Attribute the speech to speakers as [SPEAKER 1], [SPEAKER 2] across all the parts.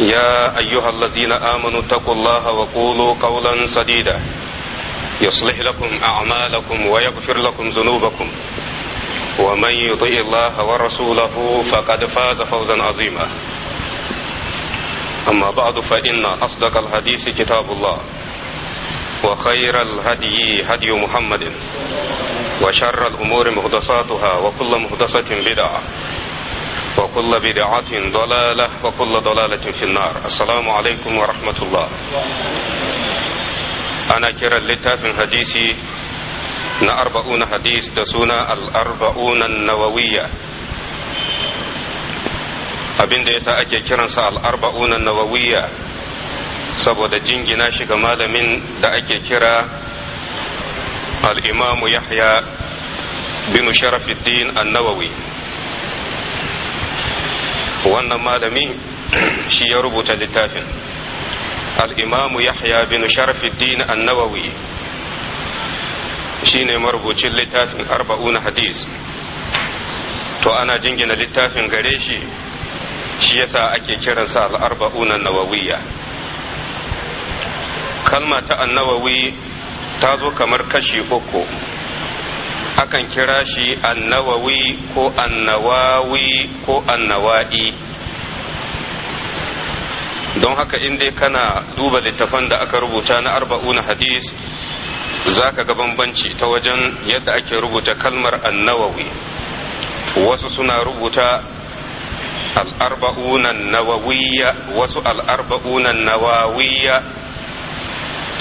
[SPEAKER 1] يا أيها الذين آمنوا اتقوا الله وقولوا قولا سديدا يصلح لكم أعمالكم ويغفر لكم ذنوبكم ومن يطيع الله ورسوله فقد فاز فوزا عظيما أما بعد فإن أصدق الحديث كتاب الله وخير الهدي هدي محمد وشر الأمور مهدساتها وكل مهدسة بدعة وكل بدعة ضلالة وكل ضلالة في النار السلام عليكم ورحمة الله أنا كرا لتاف حديثي na arba'una hadis da suna al'arba'unan nawawiyya abinda ya sa ake kiransa al'arba'unan nawawiyya saboda jingina shi ga malamin da ake kira al'imamu yahya bin sharafiddin an nawawi wannan malami shi ya rubuta littafin al'imamu yahya bin sharfiddin annawawi shi ne marubucin littafin arba'una hadis to ana jingina littafin gare shi shi yasa ake kiransa al'arba'una nawawiya kalma ta annawawi ta zo kamar kashi uku akan kira shi annawawi ko annawawi ko annawa'i don haka in dai kana duba littafan da aka rubuta na arba'una hadis za ka ga bambanci ta wajen yadda ake rubuta kalmar annawawi wasu suna rubuta al'arba'unan nawawiyya wasu al'arba'unan nawawiyya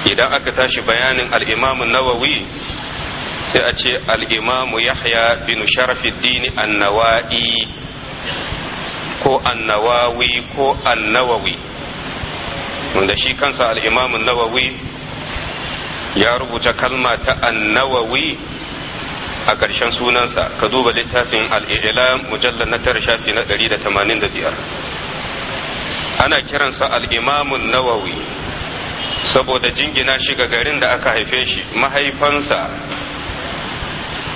[SPEAKER 1] idan aka tashi bayanin al'imamun nawawi sai a ce al'imamu yahya bin sharafiddini annawa'i ko annawawi ko annawawi wanda shi kansa al'imamun nawawi ya rubuta kalma ta annawawi a ƙarshen sunansa ka duba littafin al'ilam mujallar na tara shafi na 185 ana kiransa al'imamun nawawi saboda jingina shi ga garin da aka haife shi mahaifansa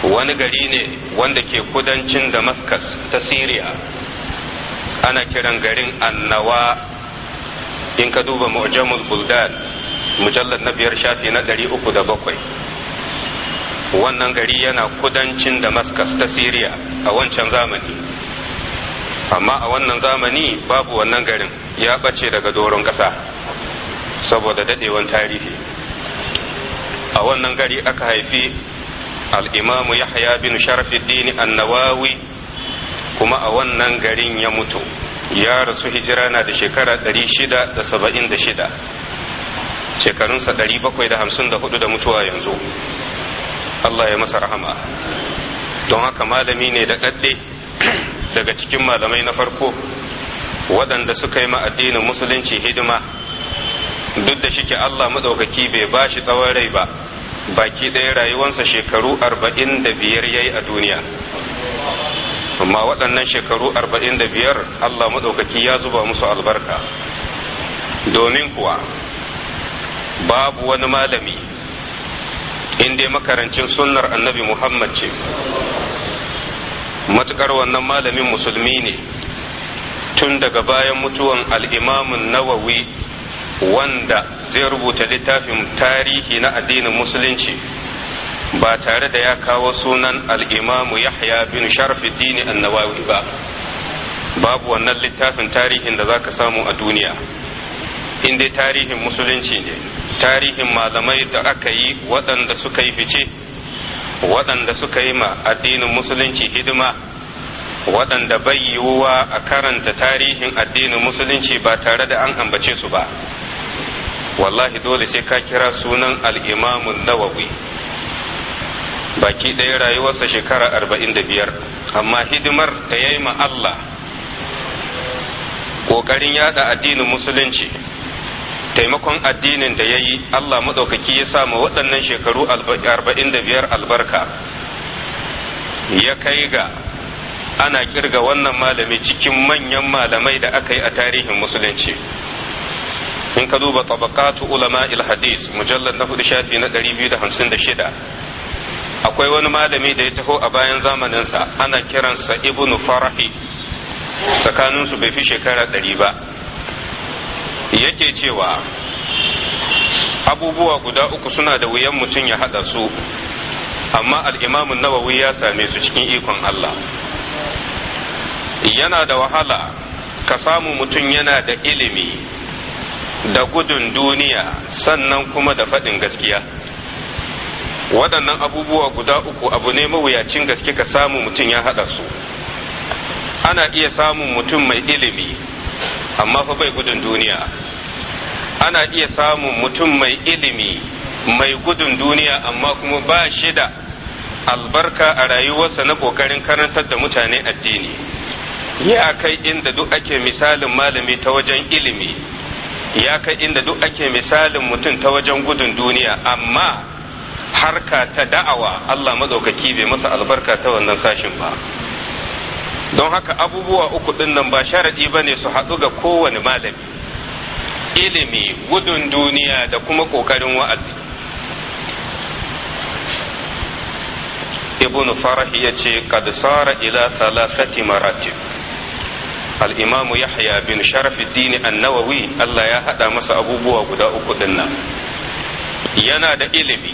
[SPEAKER 1] wani gari ne wanda ke kudancin damascus ta syria ana kiran garin annawa in ka duba mu'jamul buldan mujallar na biyar shafi na ɗari da bakwai wannan gari yana kudancin damascus ta syria a wancan zamani amma a wannan zamani babu wannan garin ya ɓace daga doron ƙasa saboda daɗewan tarihi a wannan gari aka haifi al'imamu yahya bin sharafiddin annawawi kuma a wannan garin ya mutu ya rasu hijira na da shekara 676 shekarunsa 754 da mutuwa yanzu Allah ya masa rahama don haka malami ne da ɗaɗɗe daga cikin malamai na farko waɗanda suka yi addinin musulunci hidima duk da shike Allah maɗaukaki bai bashi shi tsawon rai ba baki ɗaya rayuwarsa shekaru arba'in da biyar ya yi a duniya amma waɗannan shekaru arba'in da biyar allah maɗaukaki ya zuba musu albarka domin kuwa babu wani malami inda makarancin sunnar annabi muhammad ce matukar wannan malamin musulmi ne tun daga bayan mutuwan al'imamun nawawi wanda zai rubuta littafin tarihi na addinin musulunci ba tare da ya kawo sunan al'imamu yahya bin sharfiddini annawawi ba babu wannan littafin tarihin da za ka samu a duniya in tarihin musulunci ne tarihin malamai da aka yi waɗanda suka yi fice waɗanda suka yi ma addinin musulunci hidima waɗanda bai yiwuwa a karanta tarihin addinin musulunci ba tare da an ambace su ba wallahi dole sai ka kira sunan al'imamun nawawi baki ɗaya rayuwarsa shekara arba'in da biyar amma hidimar da ya yi Allah ƙoƙarin yada addinin musulunci taimakon addinin da ya yi Allah maɗaukaki ya sa ma waɗannan shekaru arba'in da biyar albarka ya kai ga ana kirga wannan malami cikin manyan malamai da aka yi a tarihin musulunci in ka duba tabaqatu ulama hadis mujallar na hudu shafi na 256 akwai wani malami da ya taho a bayan zamaninsa ana kiransa ibnu farahi tsakaninsu bai fi shekara ɗari ba yake cewa abubuwa guda uku suna da wuyan mutum ya haɗa su amma al'imamun nawawi ya same su cikin ikon Allah yana da wahala ka samu mutum yana da ilimi da gudun duniya sannan kuma da faɗin gaskiya waɗannan abubuwa guda uku abu ne mawuyacin gaske ka samu mutum ya haɗa su ana iya samun mutum mai ilimi amma fa bai gudun duniya ana iya samun mutum mai ilimi mai gudun duniya amma kuma ba shi da albarka a rayuwarsa na ƙoƙarin karantar da mutane addini yi a kai inda duk ake misalin malami ta wajen ilimi ya kai inda duk ake misalin mutum ta wajen gudun duniya amma harka ta da'awa Allah mazaukaki bai masa albarka ta wannan sashin ba don haka abubuwa uku ɗinnan nan ba sharaɗi ba ne su haɗu ga kowane malami ilimi gudun duniya da kuma ƙoƙarin wa'azi ibn farah ya ce kad sara ila thalathati maratib al-imamu yahya bin sharafuddin an-nawawi Allah ya hada masa abubuwa guda uku dinnan yana da ilimi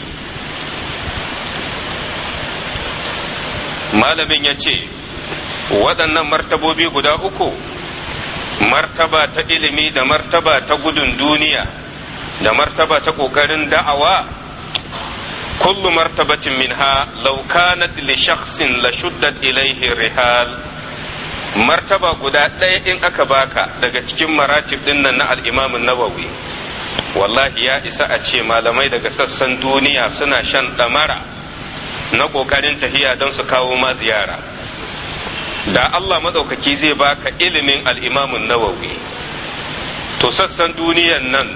[SPEAKER 1] malamin ya ce waɗannan martabobi guda uku martaba ta ilimi da martaba ta gudun duniya da martaba ta ƙoƙarin da'awa kullu martabatin minha law kanat li shakhsin la shuddat ilayhi rihal martaba guda ɗaya in aka baka daga cikin maratib ɗin nan na al'imamin nawawi wallahi ya isa a ce malamai daga sassan duniya suna shan ɗamara na ƙoƙarin tafiya don su kawo ma ziyara da Allah maɗaukaki zai baka ilimin al'imamin nawawi to sassan duniyan nan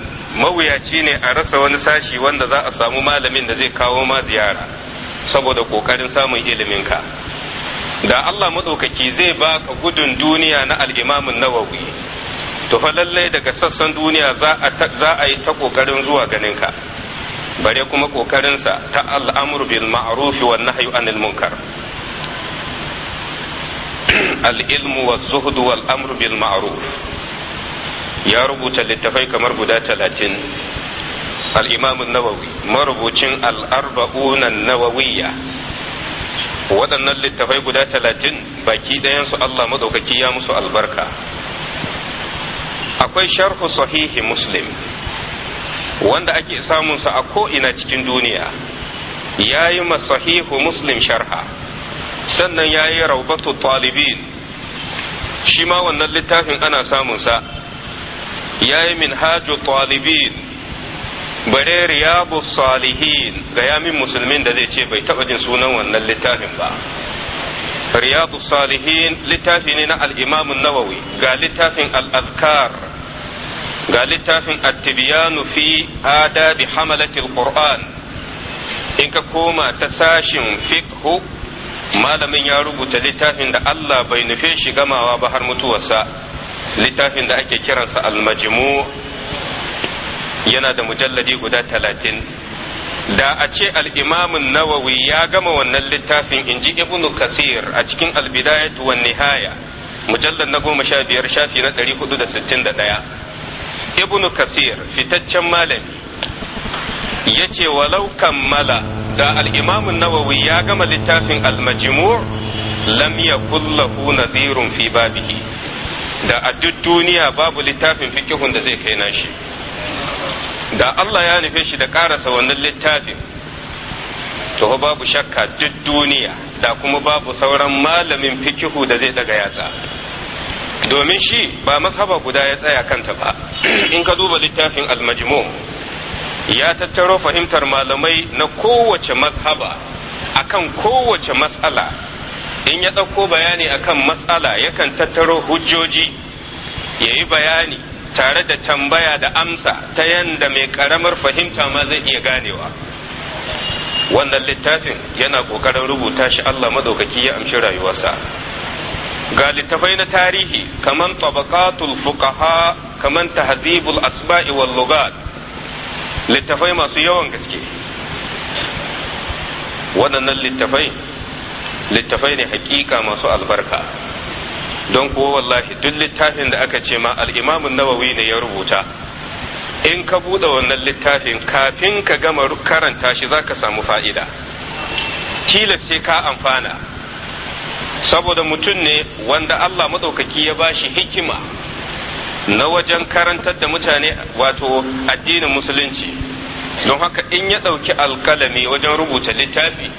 [SPEAKER 1] mawuyaci ne a rasa wani sashi wanda za a samu malamin da zai kawo ma ziyara saboda kokarin samun ilimin ka da Allah maɗaukaki zai ba ka gudun duniya na al'imamin nawawi to fa lallai daga sassan duniya za a yi ta kokarin zuwa ganin ka bare kuma ƙoƙarinsa ta al'amur bil ma'ruf wa nahyu anil munkar al ilmu wa zuhdu wal amru bil ma'ruf ya rubuta littafai kamar guda talatin al'imamun nawawi marubucin al'arba'unan nawawiya waɗannan littafai guda talatin baki ɗayansu Allah maɗaukaki ya musu albarka akwai sharhu sahihi muslim wanda ake samunsa a ko'ina cikin duniya ya yi sahihu muslim sharha sannan ya yi raubatu talibin shi ma wannan littafin ana samunsa ya yi min hajju talibin bare riyabu salihin ga yamin musulmin da zai ce bai taɓa jin sunan wannan littafin ba riyadu salihin littafi ne na al'imamu nawawi ga littafin al'adkar ga littafin attibiyanu fi adabi hamalatil qur'an in ka koma ta sashin fiqhu malamin ya rubuta littafin da Allah bai nufe shi gamawa ba har mutuwarsa littafin da ake kiransa almajimu yana da mujalladi guda talatin da a ce al'imamin nawawi ya gama wannan littafin in ji ibnu kasir a cikin albidayatu wa nihaya mujallar na goma sha biyar shafi na ɗari hudu da sittin da ɗaya ibnu kasir fitaccen malami ya ce walau kammala da al'imamin nawawi ya gama littafin almajimu lam yakun lahu Nazirun fi babihi da a duk duniya babu littafin fikihun da zai kai nashi da Allah ya nufe shi da karasa wannan littafin to babu shakka duk duniya da kuma babu sauran malamin fikihu da zai daga yatsa domin shi ba mashaba guda ya tsaya kanta ba in ka duba littafin almajmu ya tattaro fahimtar malamai na kowace mas'aba akan kowace matsala in ya ɗauko bayani akan matsala yakan tattaro hujjoji ya yi bayani tare da tambaya da amsa ta yadda mai ƙaramar fahimta ma zai iya ganewa wannan littafin yana ƙoƙarin rubuta shi Allah maɗaukaki ya amshi rayuwarsa ga littafai na tarihi kaman tabaqatul fuqaha kaman tahdhibul asba'i wal lugat littafai masu yawan gaske waɗannan littafai littafai ne hakika masu albarka don kuwa wallahi duk littafin da aka ce ma al'imamun nawawi ne ya rubuta in ka buɗe wannan littafin kafin ka gama karanta shi za ka samu fa'ida tilas sai ka amfana saboda mutum ne wanda Allah maɗaukaki ya bashi hikima na wajen karantar da mutane wato addinin musulunci don haka in ya ɗauki alkalami wajen rubuta littafi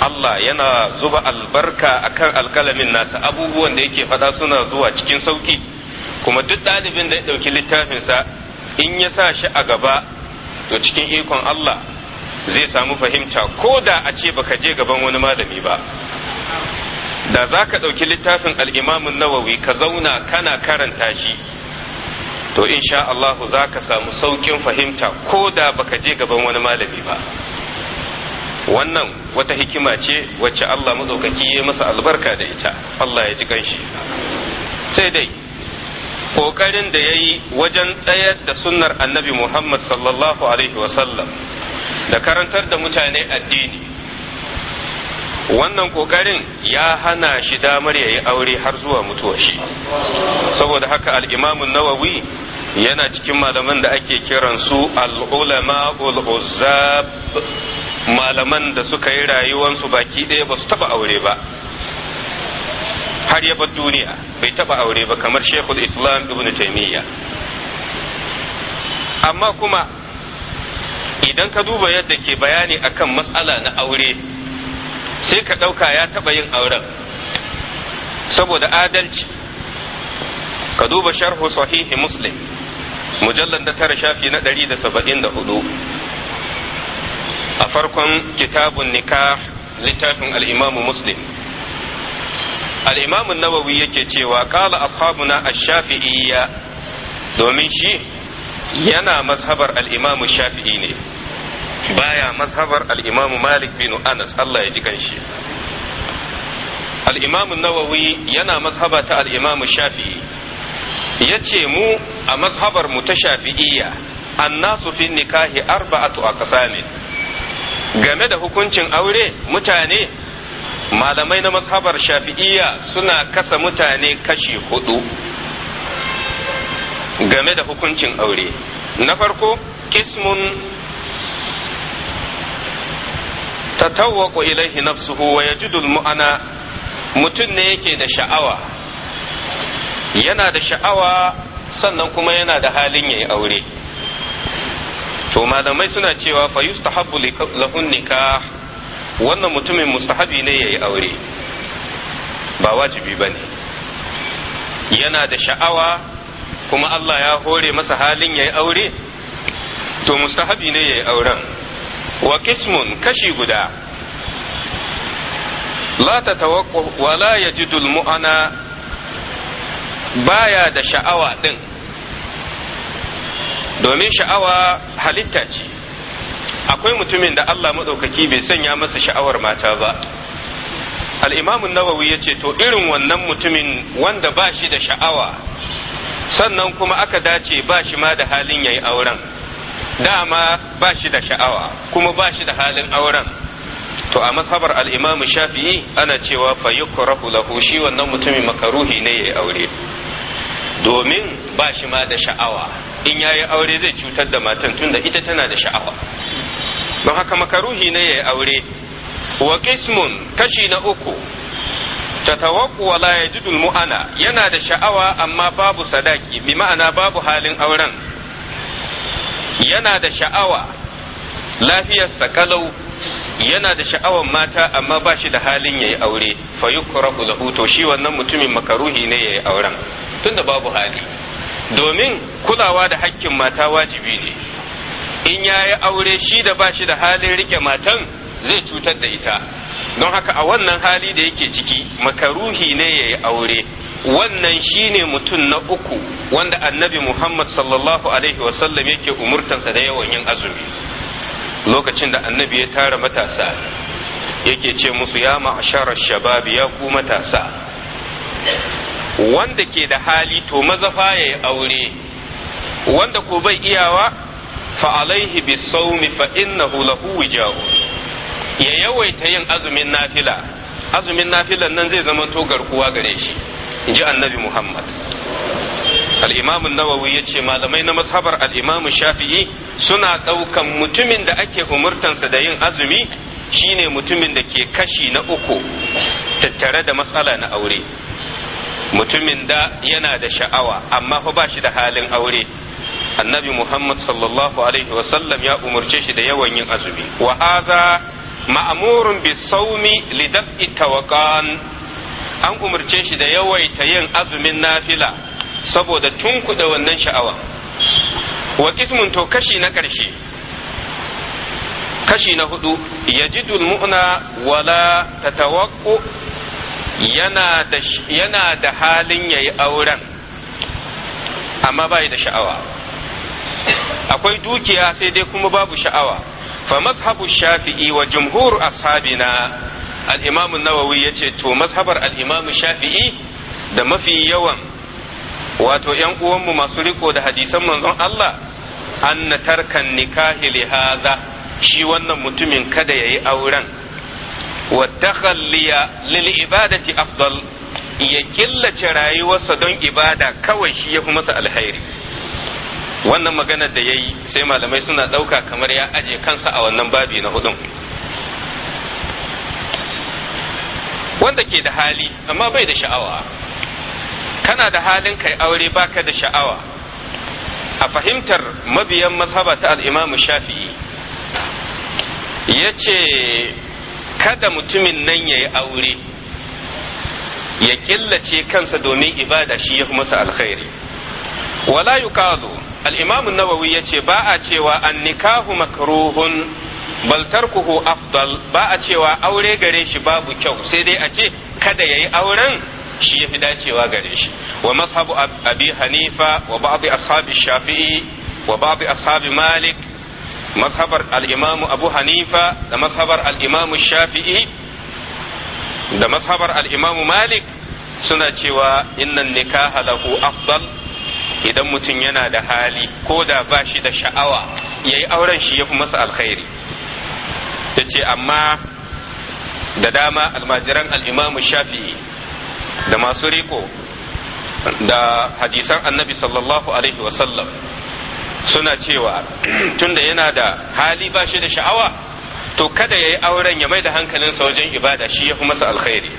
[SPEAKER 1] Allah yana zuba albarka akan alkalamin nasa abubuwan da yake faɗa suna zuwa cikin sauki kuma duk ɗalibin da ya ɗauki littafinsa in ya sa shi a gaba to cikin ikon Allah zai samu fahimta ko da a ce baka je gaban wani malami ba da za ka ɗauki littafin al'imamun nawawi ka zauna kana karanta shi to insha Allah za ka samu sauƙin fahimta ko da baka je gaban wani malami ba. wannan wata hikima ce wacce Allah maɗaukaki ya masa albarka da ita Allah ya ji ganshi sai dai ƙoƙarin da ya yi wajen tsayar da sunnar annabi Muhammad sallallahu Alaihi wasallam da karantar da mutane addini wannan ƙoƙarin ya hana shi damar ya yi aure har zuwa mutuwa shi saboda haka al'imamun nawawi yana cikin malaman da ake kiransu al'ulama ul'uzzab malaman da suka yi rayuwansu baki ɗaya ba su taɓa aure ba har ya bar duniya bai taɓa aure ba kamar shekul islam ibn taimiyya amma kuma idan ka duba yadda ke bayani akan matsala na aure sai ka ɗauka ya taba yin auren saboda adalci ka duba sharhu sahihi muslim mujallar da shafi na ɗari da saba'in da hudu a farkon kitabun nikah littafin al'imamu muslim al'imamun nawawi yake cewa ƙala ashabuna a shafi'iyya domin shi yana mazhabar al'imamu shafi'i ne baya mazhabar al'imamu malik bin anas Allah ya ji kanshi al'imamun nawawi yana mazhaba ta al'imamu shafi'i ya ce mu a mazhabar mu ta shafi'iyya annasu fi nikahi arba'atu a ne game da hukuncin aure mutane malamai na mazhabar shafi'iyya suna kasa mutane kashi hudu game da hukuncin aure na farko kismun tatawwaku ilaihi nafsuhu wa yajidu mu'ana mutum ne yake da sha'awa yana da sha'awa sannan kuma yana da halin yayi aure to malamai suna cewa fa yustahabbu lahun nikah wannan mutumin mustahabi ne yayi aure ba wajibi bane yana da sha'awa kuma Allah ya hore masa halin yayi aure to mustahabi ne yayi auren wa kismun kashi guda la tatawaqqu wa la yajidu al-mu'ana baya da sha'awa ɗin domin sha'awa halitta ce akwai mutumin da Allah maɗaukaki bai sanya masa sha'awar mata ba al'imamun nawawi ya ce to irin wannan mutumin wanda ba shi da sha'awa sannan kuma aka dace ba shi ma da halin yayi auren dama ba shi da sha'awa kuma ba shi da halin auren to a mazhabar al'imamin shafi'i ana cewa fa yukrahu lahu shi wannan mutumin makaruhi ne ya aure domin ba shi ma da sha'awa in ya yi aure zai cutar da matan tunda ita tana da sha'awa don haka makaruhi ne ya yi aure wa qismun kashi na uku tawaku wa la jidul mu'ana yana da sha'awa amma babu sadaki bi ma'ana babu halin auren yana da sha'awa lafiyarsa kalau yana da sha'awar mata amma ba shi da halin yayi aure fa lahu to shi wannan mutumin makaruhi ne yayi auren tunda babu hali domin kulawa da hakkin mata wajibi ne in yayi aure shi da ba shi da halin rike matan zai cutar da ita don haka a wannan hali da yake ciki makaruhi ne yayi aure wannan shine mutum na uku wanda annabi Muhammad sallallahu alaihi wasallam yake umurtansa da yawan yin azumi lokacin da annabi ya tara matasa yake ce musu ya ma'asharar shababi ya ku matasa wanda ke da hali to mazafa ya yi aure wanda ko bai iyawa fa alaihi bi saumi fa innahu lahu jawo, ya yawaita yin azumin nafila azumin nafilan nan zai zama to garkuwa gare shi ji annabi muhammad al'imamun nawawi ya ce malamai na mazhabar al'imamun shafi'i suna ɗaukan mutumin da ake umurtansa da yin azumi shine mutumin da ke kashi na uku tattare da matsala na aure mutumin da yana da sha'awa amma fa ba shi da halin aure annabi muhammad sallallahu alaihi wasallam ya umarce shi da yawan yin azumi wa haza ma'amurun bi saumi li daf'i an umarce shi da yawaita yin azumin nafila saboda tunkuɗa wannan sha'awa wa kismun to kashi na ƙarshe kashi na hudu ya ji dulmuna wala tatawakku yana da halin ya yi auren amma bai da sha'awa akwai dukiya sai dai kuma babu sha'awa fa mazhabu shafi'i wa jumhur ashabina al-imam an-nawawi yace to mazhabar al-imam shafi'i da mafi yawan wato ‘yan uwanmu masu riko da hadisan manzon Allah an na tarkan nikahi lihaza shi wannan mutumin kada ya yi auren wadakhalliya lil ibadati afdal ya killace rayuwarsa don ibada kawai shi ya fi masa alheri. wannan maganar da ya yi sai malamai suna ɗauka kamar ya aje kansa a wannan babi na hudun wanda ke da hali amma bai da sha'awa kana da halin kai aure baka da sha'awa a fahimtar mabiyan mazhaba ta al'imamu shafi'i ya ce kada mutumin nan ya yi aure ya killace kansa domin ibada shi ya fi masa alkhairi wala yuqalu al-imam nawawi yace ba a cewa an-nikahu makruhun bal tarkuhu afdal ba a cewa aure gare shi babu kyau sai dai a ce kada yayi auren shi ya fi dacewa gare shi wa mazhabu abi hanifa wa ba'd ashabi shafi'i wa ba'd ashabi malik mazhabar al-imam abu hanifa da mazhabar al-imam shafi'i da mazhabar al-imam malik suna cewa innan nikaha lahu afdal idan mutum yana da hali ko da ba shi da sha'awa ya yi auren shi ya fi masa alkhairi ya ce amma da dama almajiran al'imamu shafi'i da masu riko da hadisan annabi sallallahu alaihi wasallam suna cewa tunda yana da hali ba shi da sha'awa to kada ya yi auren ya mai da sa wajen ibada shi ya fi masa alkhairi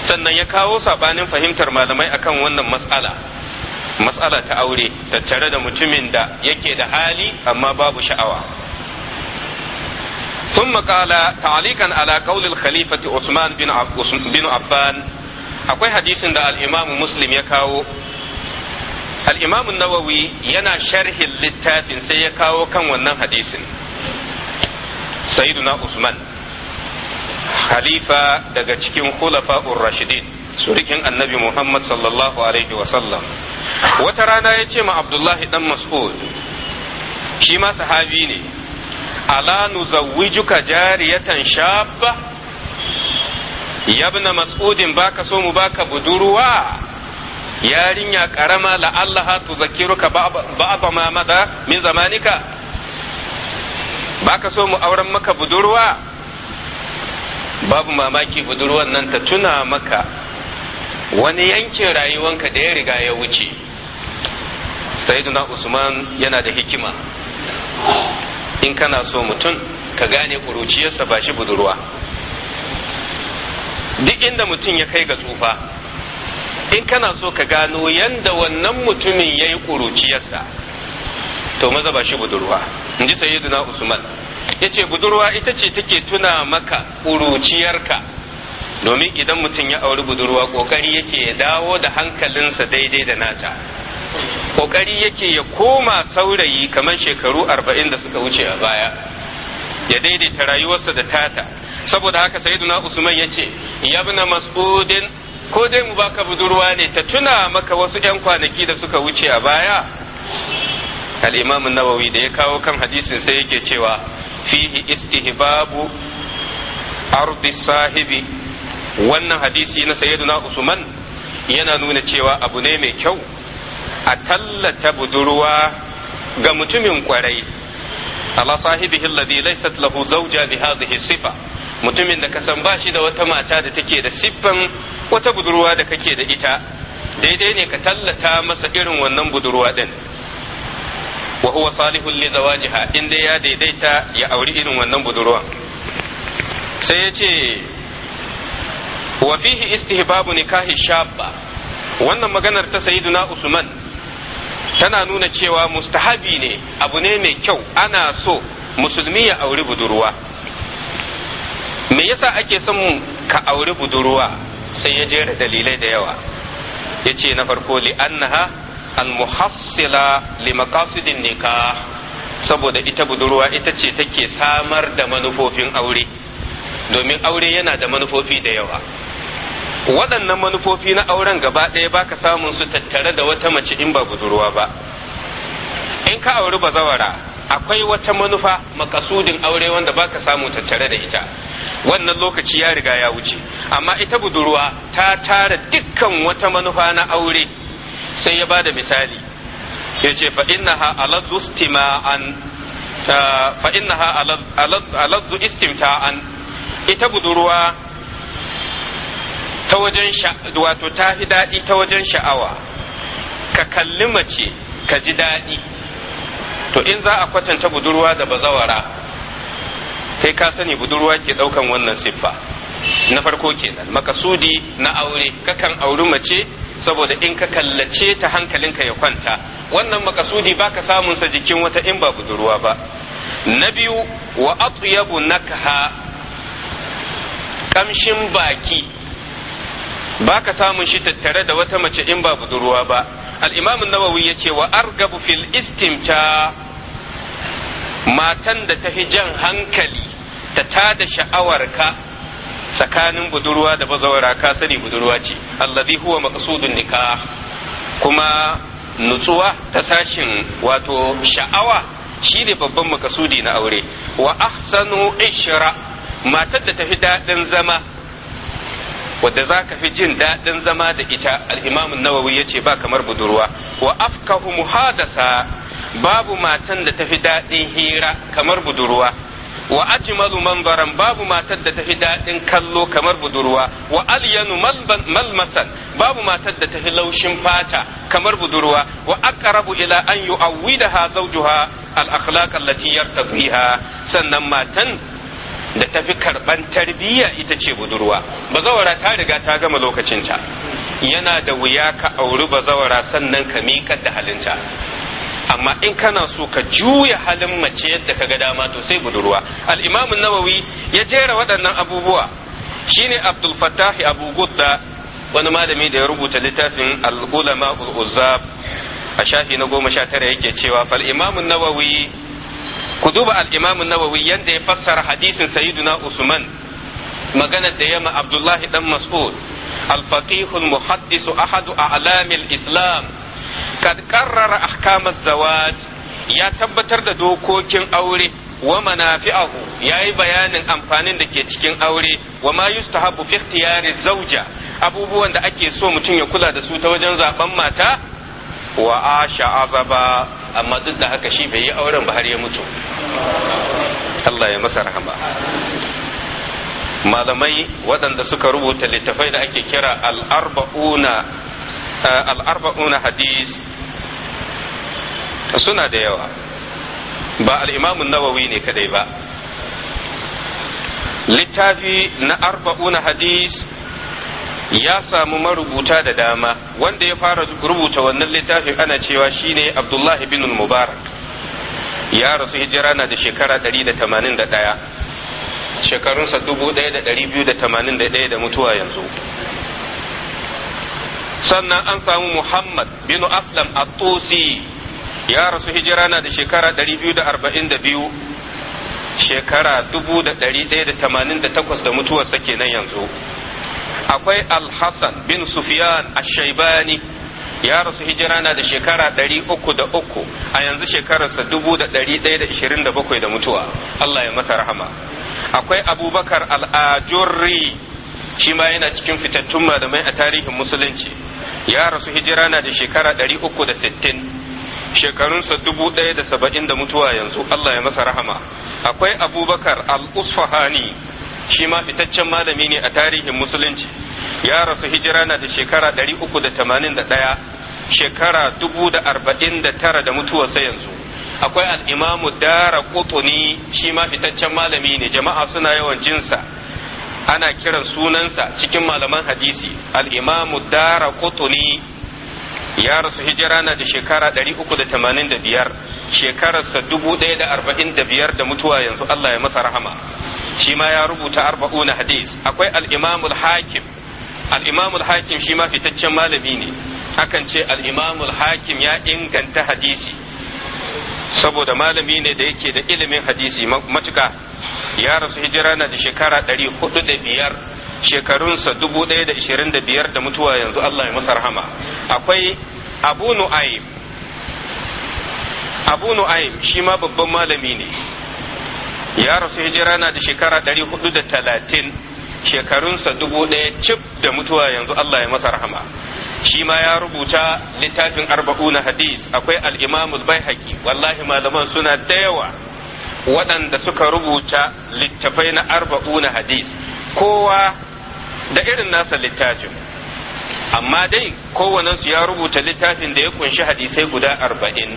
[SPEAKER 1] sannan ya kawo sabanin fahimtar malamai akan wannan matsala matsala ta aure tattare da mutumin da yake da hali amma babu sha'awa ثم قال تعليقا على قول الخليفة عثمان بن عفان akwai hadisin da al'imamu muslim ya kawo al'imamu nawawi yana sharhin littafin sai ya kawo kan wannan hadisin sayyiduna usman khalifa daga cikin khulafa'ur rashidin surikin annabi muhammad sallallahu alaihi wasallam wata rana ya ce ma abdullahi dan mas'ud shi ma sahabi ne ala nuzawwijuka jariyatan shabba yabna mas'udin baka so mu baka budurwa yarinya karama la Allah tuzakkiruka ba'da ma mada min zamanika baka so mu auren maka budurwa babu mamaki budurwan nan ta tuna maka wani yankin rayuwanka da ya riga ya wuce sayyiduna usman yana da hikima in kana so mutum ka gane ƙuruciyarsa ba shi budurwa duk inda mutum ya kai ga tsufa in kana so ka gano yanda wannan mutumin ya yi ƙuruciyarsa to maza ba shi budurwa in ji sayyiduna usman ya ce budurwa ita ce take tuna maka ƙuruciyarka domin idan mutum ya auri budurwa ƙoƙari yake ya dawo da hankalinsa daidai da nata ƙoƙari yake ya koma saurayi kamar shekaru arba'in da suka wuce a baya ya daidaita rayuwarsa da tata saboda haka sayyiduna usman yace yabna mas'udin ko dai mu baka budurwa ne ta tuna maka wasu 'yan kwanaki da suka wuce a baya al-imam nawawi da ya kawo kan hadisin sai yake cewa fihi istihbabu ardi sahibi wannan hadisi na sayyiduna usman yana nuna cewa abu ne mai kyau a tallata budurwa ga mutumin kwarai ala sahibihi alladhi laysat lahu zawja bi hadhihi sifa mutumin da kasan ba shi da wata mata da take da siffan wata budurwa da kake da ita daidai ne ka tallata masa irin wannan budurwa din wa huwa salihun li zawajiha in ya daidaita ya auri irin wannan budurwan sai ya ce wa fihi istihbabu nikahi shabba wannan maganar ta sayyiduna usman tana nuna cewa mustahabi ne abu ne mai kyau ana so musulmi ya auri budurwa me yasa ake son ka auri budurwa sai ya jera dalilai da yawa ya ce na farko li'annaha al-muhassila li nikah saboda ita budurwa ita ce take samar da manufofin aure domin aure yana da manufofi da yawa waɗannan manufofi na auren gaba ɗaya baka samun su tattare da wata mace in ba budurwa ba in ka auri bazawara akwai wata manufa makasudin aure wanda baka samu tattare da ita wannan lokaci ya riga ya wuce amma ita budurwa ta tara dukkan wata manufa na aure sai ya bada misali ya ce fa innaha aladdu istima'an fa innaha aladdu istimta'an ita budurwa ta wajen wato ta fi daɗi ta wajen sha'awa ka kalli mace ka ji daɗi to in za a kwatanta budurwa da bazawara kai ka sani budurwa ke daukan wannan siffa na farko kenan makasudi na aure kakan auri mace saboda in ka kallace ta hankalinka ya kwanta wannan makasudi baka samun sa jikin wata in ba budurwa ba na biyu wa atyabu nakha kamshin baki baka samun shi tattare da wata mace in ba budurwa ba al'imamun nawawi ya ce wa argabu fil matan da ta fi jan hankali ta tada sha'awarka tsakanin budurwa da bazawara kasani sani budurwa ce allazi huwa maqsudun kuma nutsuwa ta sashin wato sha'awa shine babban makasudi na aure wa ahsanu ishra matar da tafi daɗin zama wadda za ka fi jin daɗin zama da ita al'imamun nawawi ya ce ba kamar budurwa wa afkahu muhadasa babu matan da tafi daɗin hira kamar budurwa wa ajmalu manbaran babu matan da tafi daɗin kallo kamar budurwa wa alyanu malmasan babu matan da tafi laushin fata kamar budurwa wa aqrabu ila an yu'awwidaha zawjuha al akhlaq allati yartaqiha sannan matan da ta fi karban tarbiyya ita ce budurwa bazawara ta riga ta gama lokacin ta yana da wuya ka auri bazawara sannan ka miƙar da halinta amma in kana so ka juya halin mace yadda ka ga dama to sai budurwa al nawawi ya jera waɗannan abubuwa shine abdul fattah abu gudda wani malami da ya rubuta littafin al-ulama ul uzzab a shafi na goma sha tara yake cewa fal imamu nawawi ku duba al nawawi yadda ya fassara hadisin sayyiduna usman maganar da yamma abdullahi dan mas'ud al muhaddisu ahadu a alamil islam kad qarrara ahkam zawaj ya tabbatar da dokokin aure wa manafi'ahu yayi bayanin amfanin da ke cikin aure wa ma yustahabu fi ikhtiyari zawja abubuwan da ake so mutum ya kula da su ta wajen zaben mata wa asha azaba amma duk da haka shi bai yi auren ba har ya mutu Allah ya masa rahama malamai waɗanda suka rubuta littafai da ake kira al'arba'una eh, al'arba'una hadis suna da yawa ba al'imamun nawawi ne kadai ba littafi na arba'una hadis ya samu marubuta da dama wanda ya fara rubuta wannan littafin ana cewa shine abdullahi bin mubarak ya rasu hijira na da shekara 181 shekarunsa 1281 da mutuwa yanzu sannan an samu muhammad bin aslam a tusi ya rasu hijira na da shekara 242 shekara 1188 da mutuwarsa kenan yanzu akwai AlHassan bin Sufiyan ashaibani ya rasu hijira na da shekara ɗari a yanzu shekararsa dubu da ɗari ɗaya da mutuwa Allah ya masa rahama akwai abubakar al'ajurri shi ma yana cikin fitattun malamai a tarihin musulunci ya rasu hijira na da shekara ɗari da sittin shekarunsa dubu ɗaya da saba'in da mutuwa yanzu Allah ya masa rahama akwai abubakar al-usfahani shi ma fitaccen malami ne a tarihin musulunci ya rasu hijira na da shekara ɗari uku da tamanin da ɗaya shekara dubu da arba'in da tara da mutuwarsa yanzu akwai al'imamu dara kutuni shi ma fitaccen malami ne jama'a suna yawan jinsa ana kiran sunansa cikin malaman hadisi al'imamu dara kutuni ya rasu hijira na da shekara 385 shekararsa 1045 da mutuwa yanzu Allah ya masa rahama shi ma ya rubuta arba'una hadis akwai al-imamul hakim al-imamul hakim shi ma fitaccen malami ne akan ce al-imamul hakim ya inganta hadisi saboda malami ne da yake da ilimin hadisi matuka ya rasu hijira na da shekara ɗari hudu da biyar shekarunsa ɗaya da ishirin da da biyar mutuwa yanzu Allah ya masa rahama akwai abu nu'aim abu nu'aim shi ma babban malami ne ya rasu hijira na da shekara ɗari hudu da talatin shekarunsa ɗaya cif da mutuwa yanzu Allah ya masa rahama shi ma ya rubuta littafin arba'una hadis akwai al-imamul baihaqi wallahi malaman suna da yawa waɗanda suka rubuta littafai na arba'una hadis kowa da irin nasa littafin amma dai kowanensu ya rubuta littafin da ya kunshi hadisai guda arba'in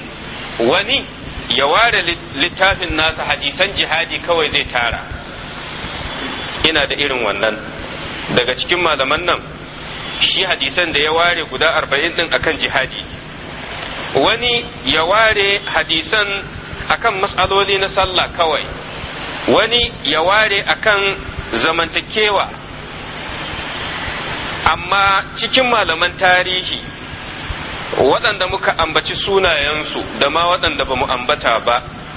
[SPEAKER 1] wani ya ware littafin nasa hadisan jihadi kawai zai tara ina da irin wannan daga cikin malaman nan shi hadisan da ya ware guda arba'in din akan jihadi wani ya ware hadisan akan matsaloli na sallah kawai wani ya ware akan zamantakewa amma cikin malaman tarihi waɗanda muka ambaci sunayensu da ma waɗanda ba mu ambata ba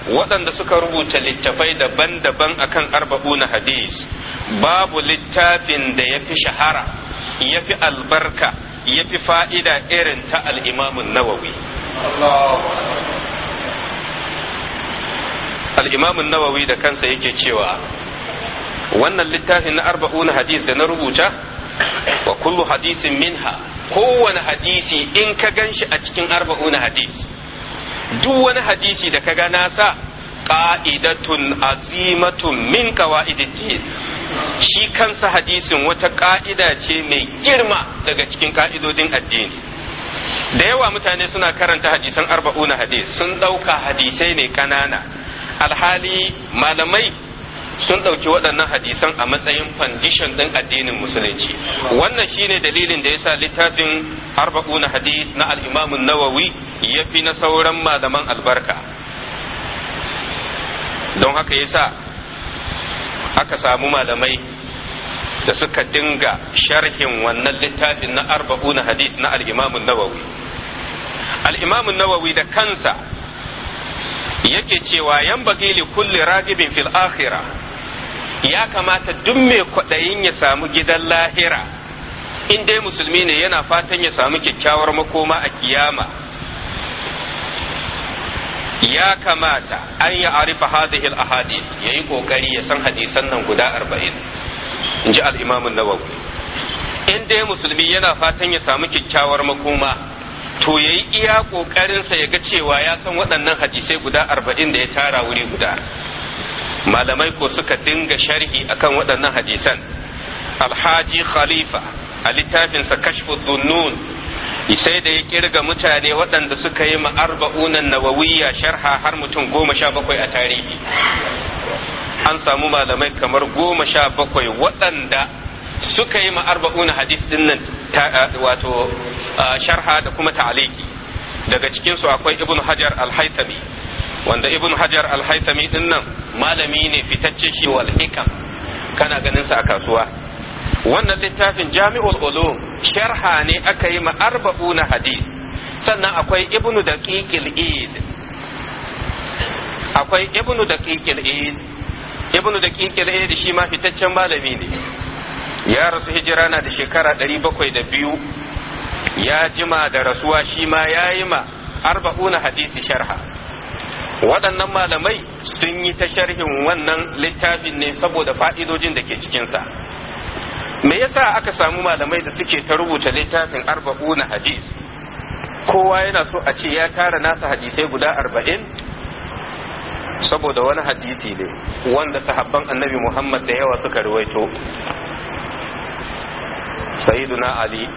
[SPEAKER 1] waɗanda suka rubuta littafai daban-daban akan arba'u na hadis babu littafin da ya fi shahara ya fi albarka ya fi fa'ida irin ta al'imamun nawawi al'imamun nawawi da kansa yake cewa wannan littafin na arba'una hadis da na rubuta wa kullu hadisin minha kowane hadisi in ka gan shi a cikin arba'una hadis duk wani hadisi da ka ga nasa ƙa'idatun azimatun min din shi kansa hadisin wata ƙa'ida ce mai girma daga cikin ƙa'idodin addini da yawa mutane suna karanta hadisan arba'una hadis sun ɗauka hadisai ne ƙanana alhali malamai sun ɗauki waɗannan hadisan a matsayin fandishan ɗin addinin musulunci wannan shine dalilin da yasa littafin arba'una hadis na al'imamun nawawi ya fi na sauran malaman albarka don haka yasa aka samu malamai da suka dinga sharhin wannan littafin na arba'una hadith na al'imamun nawawi al'imamun nawawi da kansa yake cewa yan bagili kulli ragibin fil akhira ya kamata duk mai kwaɗayin ya samu gidan lahira in dai musulmi ne yana fatan ya samu kyakkyawar makoma a kiyama ya kamata an ya arifa hadihil ahadis ya yi ƙoƙari ya san hadisan nan guda arba'in in ji al'imamun nawawi in dai musulmi yana fatan ya samu kyakkyawar makoma to ya yi iya ƙoƙarinsa ya ga cewa ya san waɗannan hadisai guda arba'in da ya tara wuri guda malamai ko suka dinga sharhi akan waɗannan hadisan alhaji khalifa a littafinsa kashfu zunnun sai da ya kirga mutane waɗanda suka yi ma ma'arba'unan nawawiyya sharha har mutum goma sha bakwai a tarihi an samu malamai kamar goma sha bakwai waɗanda suka yi ma'arba'una hadis din nan wato sharha da kuma ta'aliki daga cikinsu akwai ibn hajar al-haitami wanda ibn hajar al-haitami din nan malami ne fitacce shi wal hikam kana ganin sa a kasuwa wannan littafin jami'ul ulum sharha ne aka yi ma'arba'una hadis sannan akwai ibn daqiqil id akwai ibn daqiqil id ibnu da ƙiƙil da shi ma fitaccen malami ne ya rasu hijira na da shekara 702 ya jima da rasuwa shi ma ya yi ma arba'una hadisi sharha waɗannan malamai sun yi ta sharhin wannan littafin ne saboda fa'idojin da ke cikinsa me yasa aka samu malamai da suke ta rubuta littafin arba'una hadisi? kowa yana so a ce ya tara nasa hadisai guda arba'in saboda wani hadisi ne wanda sahabban annabi muhammad da yawa suka ruwaito sayyiduna ali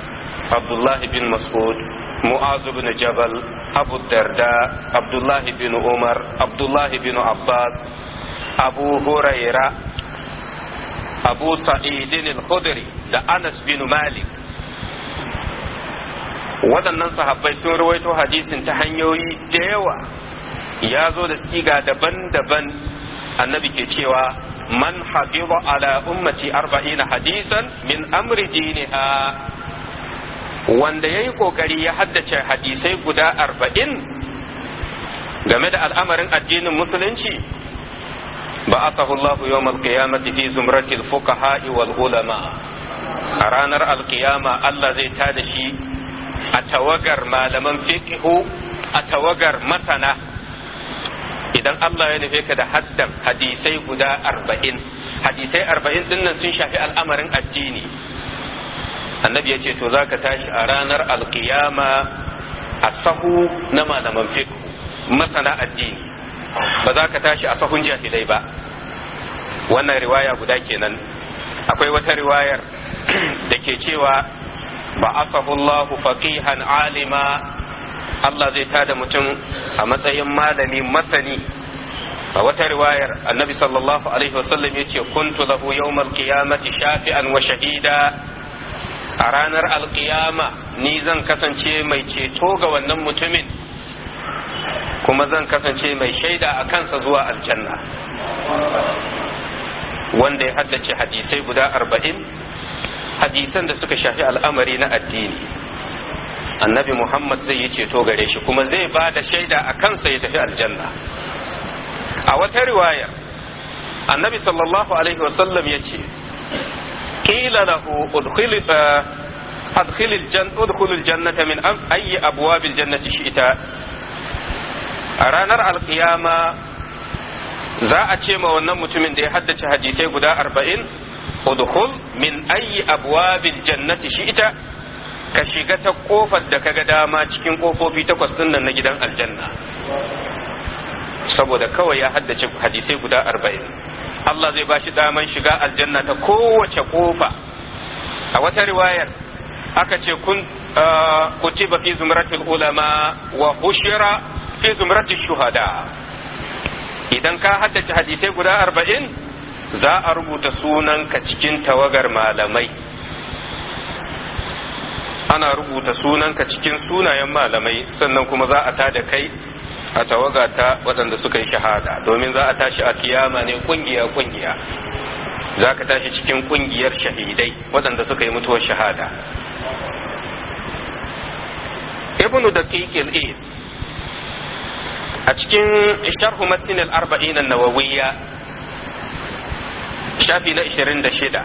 [SPEAKER 1] abdullahi bin mas'ud mu'azu bin jabal abu darda abdullahi bin umar abdullahi bin abbas abu huraira abu sa'idin al-khudri da anas bin malik waɗannan sahabbai sun ruwaito hadisin ta hanyoyi da yawa ya zo da siga daban-daban annabi ke cewa man hafiza ala ummati arba'ina hadisan min amri diniha wanda ya yi ƙoƙari ya haddace hadisai guda arba'in game da al'amarin addinin musulunci ba a sahullahu yau malkiyamati fi zumratil fuqaha wal ulama a ranar alkiyama Allah zai tada shi a tawagar malaman fiqhu a tawagar masana idan Allah ya nufe ka da haddan hadisai guda arba'in hadisai arba'in din nan sun shafi al'amarin addini annabi ya ce to za ka tashi a ranar alkiyama a sahu na malaman fiqh masana addini ba za ka tashi a sahun jahilai ba wannan riwaya guda kenan akwai wata riwayar da ke cewa ba asahu Allahu faqihan alima Allah zai tada mutum a matsayin malami masani a wata riwayar annabi sallallahu alaihi wasallam ya ce kuntu lahu yawmal qiyamati shafi'an wa shahida a ranar alkiyama ni zan kasance mai ceto ga wannan mutumin kuma zan kasance mai shaida a kansa zuwa aljanna wanda ya haddace hadisai guda arba'in hadisan da suka shafi al'amari na addini annabi muhammad zai yi ceto gare shi kuma zai ba da shaida a kansa ya tafi aljanna a wata riwaya annabi sallallahu alaihi wasallam ya ce qila lahu udkhil uh, adkhil aljannata min ayi abwab jannati shi'ta a ranar alkiyama za a ce ma wannan mutumin da ya haddace hadisai guda arba'in udkhul min ayi abwabil jannati shi'ta ka shiga ta kofar da kaga dama cikin kofofi takwas din nan na gidan aljanna saboda kawai ya haddace hadisai guda arba'in Allah zai bashi daman shiga aljanna ta kowace kofa a wata riwayar aka ce kun ah, kutiba fi zumratil ulama wa hushira fi zumratil shuhada idan ka haddace hadisai guda arba'in za a rubuta sunanka cikin tawagar malamai ana rubuta sunanka cikin sunayen malamai sannan kuma za a tada kai a tawaga ta waɗanda suka yi shahada domin za a tashi a kiyama ne kungiya kungiya za ka tashi cikin kungiyar shahidai waɗanda suka yi mutuwar shahada ibnu da id a cikin sharhu masinil arba'inan arbain shafi na 26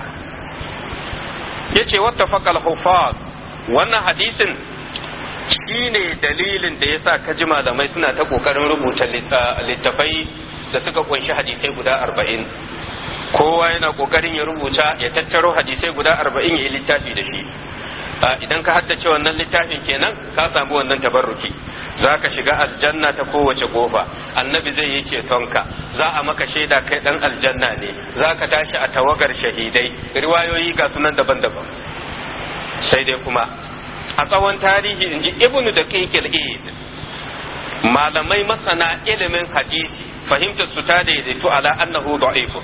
[SPEAKER 1] yace wata al-hufaz wannan hadisin shi ne dalilin da ya sa ji malamai suna ta ƙoƙarin rubuta littafai da suka kunshi hadisai guda arba'in kowa yana ƙoƙarin ya rubuta ya tattaro hadisai guda arba'in ya yi littafi da shi idan ka haddace wannan littafin kenan ka samu wannan tabarruki za ka shiga aljanna ta kowace kofa annabi zai yi cetonka za a maka shaida kai dan aljanna ne za ka tashi a tawagar shahidai riwayoyi ga sunan daban-daban sai dai kuma a tsawon tarihi in ji ibnu da i malamai masana ilimin hadisi fahimtar su ta daidaitu ala annahu da'ifu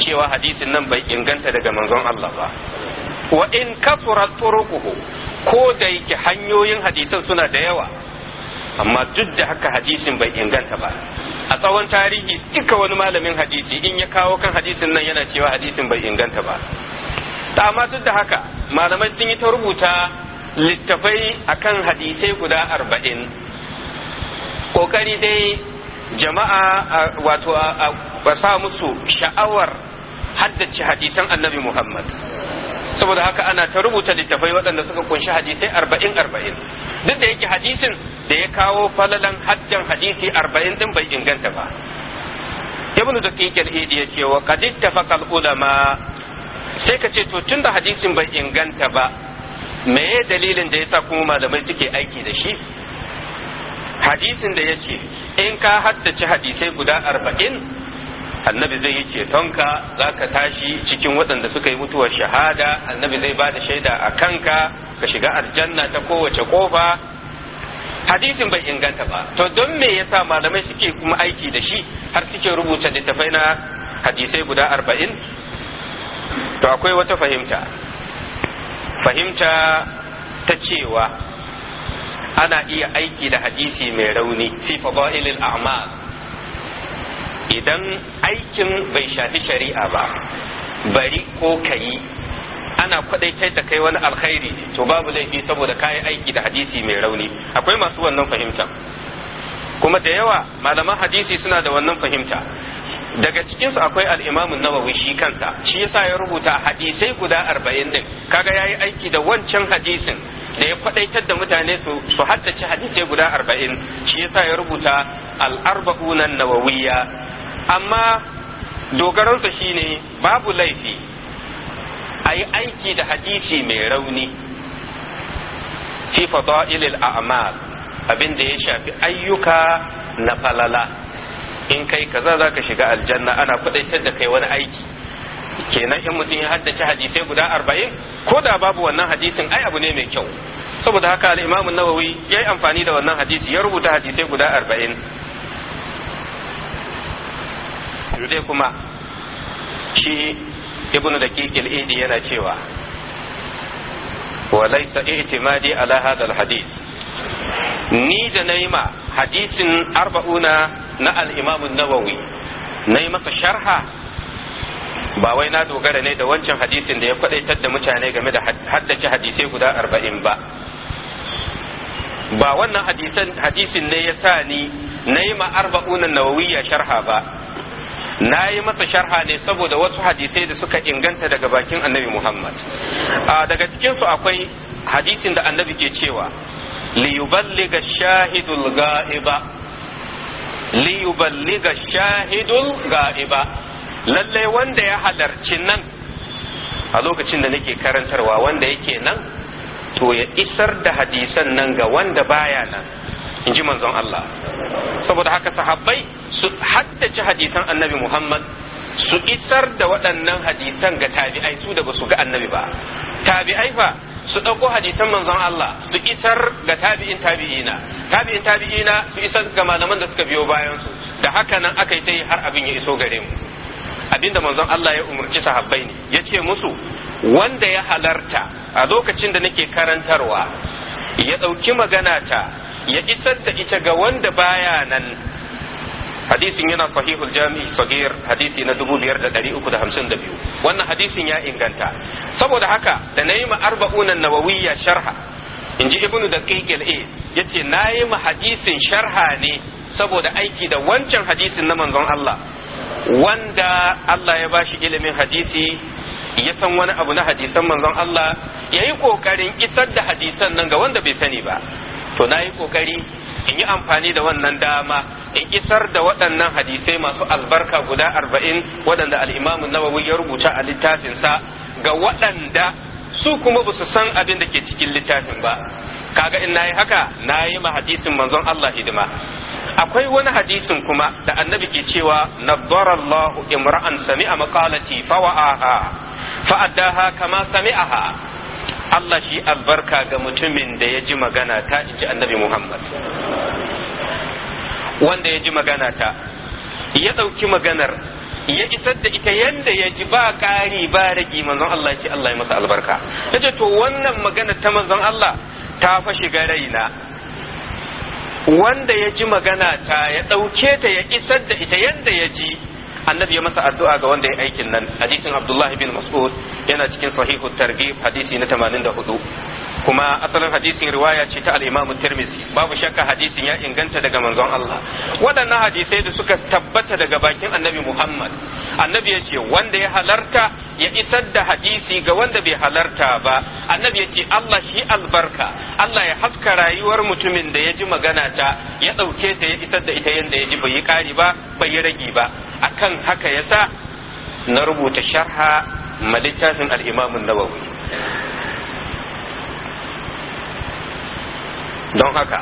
[SPEAKER 1] cewa hadisin nan bai inganta daga manzon Allah ba wa in kasura turuquhu ko da yake hanyoyin hadisan suna da yawa amma duk da haka hadisin bai inganta ba a tsawon tarihi duka wani malamin hadisi in ya kawo kan hadisin nan yana cewa hadisin bai inganta ba ta amma duk da haka malamai sun yi ta rubuta littafai akan hadisai guda arba'in ƙoƙari dai jama'a wato a sa musu sha'awar haddace hadisan annabi muhammad saboda haka ana ta rubuta littafai waɗanda suka kunshi hadisai arba'in arba'in duk da yake hadisin da ya kawo falalan haddan hadisi arba'in din bai inganta ba ibnu da kinkil idi ya ce wa qad ittafaqa ulama sai ka ce to da hadisin bai inganta ba me ya dalilin da yasa kuma malamai suke aiki da shi hadisin da ce in ka haddace hadisai guda arba'in annabi zai yi cetonka za ka tashi cikin waɗanda suka yi mutuwar shahada annabi zai ba da shaida a kanka ka shiga aljanna ta kowace kofa hadisin bai inganta ba to don me yasa malamai suke kuma aiki da shi har suke rubuta littafai na hadisai guda arba'in to akwai wata fahimta fahimta ta cewa ana iya aiki da hadisi mai rauni fi fada'ilil a'mal idan aikin bai shafi shari'a ba bari ko kayi ana kwadaitar da kai wani alkhairi to babu laifi saboda kayi aiki da hadisi mai rauni akwai masu wannan fahimta kuma da yawa malaman hadisi suna da wannan fahimta daga cikinsu akwai al'imamun nawawi shi kansa shi yasa ya rubuta hadisai guda arba'in din kaga ya yi aiki da wancan hadisin da ya kwadaitar da mutane su su haddace hadisai guda arba'in shi yasa ya rubuta al'arba'unan nawawiya amma dogaransa shine babu laifi a yi aiki da hadisi mai rauni fi fada'ilil a'mal abin da ya shafi ayyuka na falala in kai kaza za ka shiga aljanna ana kudaitar da kai wani aiki kenan in mutum ya haddace hadisai guda arba'in ko da babu wannan hadisin ai abu ne mai kyau saboda haka alimamin nawawi ya yi amfani da wannan hadisi ya rubuta hadisai guda arba'in sai kuma shi ibnu da kikil idi yana cewa wa laysa i'timadi ala hadha alhadith ni da naima hadisin arba'una na al-imam an-nawawi nayi masa sharha ba wai na dogara ne da wancan hadisin da ya kwadaitar da mutane game da haddace hadisai guda arba'in ba ba wannan hadisin ne ya sa ni na yi arba'unan nawawiya sharha ba na yi masa sharha ne saboda wasu hadisai da suka inganta daga bakin annabi muhammad daga cikinsu akwai hadisin da annabi ke cewa liyuballiga shahidul ga'iba liyuballiga shahidul ga'iba lallai wanda ya halarci nan a lokacin da nake karantarwa wanda yake nan to ya isar da hadisan nan ga wanda baya nan in ji manzon Allah saboda haka sahabbai su haddace hadisan annabi Muhammad su isar da waɗannan hadisan ga tabi'ai su da basu ga annabi ba tabi'ai fa su ɗauko hadisan manzon Allah su isar ga tabi'in tabi'ina tabi'in tabi'ina su isar ga malaman da suka biyo bayan su da haka nan aka yi ta yi har abin ya iso gare mu abinda manzon Allah ya umarci sahabbai ne ya ce musu wanda ya halarta a lokacin da nake karantarwa ya ɗauki magana ta ya isar da ita ga wanda baya nan hadisin yana sahihul jami'i sagir hadisi na 5352 wannan hadisin ya inganta saboda haka da nayi ma arba'unan nawawiyya sharha In ji ibnu daqiq al ce yace yi ma hadisin sharha ne saboda aiki da wancan hadisin na manzon Allah wanda Allah ya bashi ilimin hadisi ya san wani abu na hadisan manzon Allah ya yi ƙoƙarin isar da hadisan nan ga wanda bai sani ba to na yi ƙoƙari in yi amfani da wannan dama in isar da waɗannan hadisai masu albarka guda arba'in waɗanda al'imamu nawawi ya rubuta a littafinsa ga waɗanda su kuma ba su san abin da ke cikin littafin ba kaga in nayi haka nayi ma hadisin manzon Allah hidima akwai wani hadisin kuma da annabi ke cewa nadarallahu imra'an sami'a maqalati fawa'aha fa'addaha kama sami'aha Allah shi albarka ga mutumin da ya ji magana ta inji annabi Muhammad wanda ya ji magana ta ya ɗauki maganar ya isar da ita yadda ya ji ba ƙari ba rage manzon Allah ce Allah ya masa albarka ta to wannan magana ta manzon Allah ta fa shiga raina wanda ya ji magana ta ya ɗauke ta ya isar da ita yadda ya ji annabi ya masa addu'a ga wanda ya aikin nan hadisin abdullahi bin mas'ud yana cikin sahihu targhib hadisi na 84 kuma asalin hadisin riwaya ce ta al-Imam Tirmidhi babu shakka hadisin ya inganta daga manzon Allah waɗannan hadisai da suka tabbata daga bakin Annabi Muhammad Annabi yace wanda ya halarta ya isar da hadisi ga wanda bai halarta ba Annabi yace Allah shi albarka Allah ya haska rayuwar mutumin da ya ji magana ta ya ɗauke ta ya isar da ita yanda ya ji bai yi ƙari ba bai yi rage ba akan haka yasa na rubuta sharha ma littafin al-Imam Nawawi don haka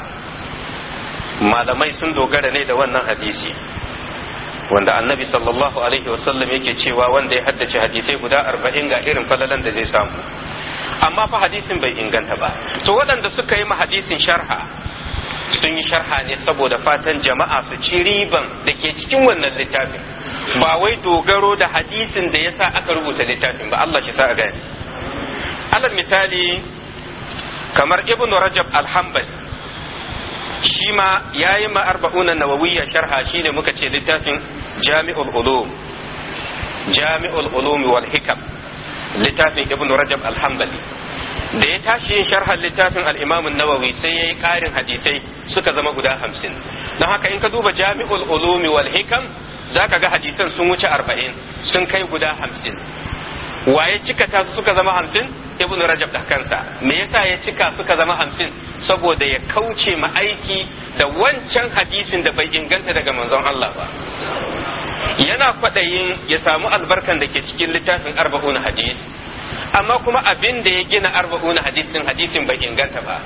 [SPEAKER 1] malamai sun dogara ne da wannan hadisi wanda annabi sallallahu alaihi wasallam yake cewa wanda ya haddace hadisai guda arba'in ga irin falalan da zai samu amma fa hadisin bai inganta ba to waɗanda suka yi ma hadisin sharha sun yi sharha ne saboda fatan jama'a su ci riban da ke cikin wannan littafin ba wai dogaro da hadisin da yasa aka rubuta littafin ba Allah ya sa a gani alal misali kamar ibnu rajab al-hanbali shi ma ya ma arba'una nawawiyya sharha shine muka ce littafin jami'ul ulum jami'ul ulum wal hikam littafin ibnu rajab al-hanbali da ya tashi yin sharhar littafin al-imam nawawi sai yayi karin hadisai suka zama guda hamsin. don haka in ka duba jami'ul ulum wal hikam zaka ga hadisan sun wuce arba'in sun kai guda hamsin. Wa ya cika ta suka zama hamsin ibnu rajab da kansa me yasa ya cika suka zama hamsin saboda ya kauce ma aiki da wancan hadisin da bai inganta daga manzon Allah ba yana kwaɗayin ya samu albarkan da ke cikin littafin arba'un hadis amma kuma abin da ya gina arba'un hadisin hadisin bai inganta ba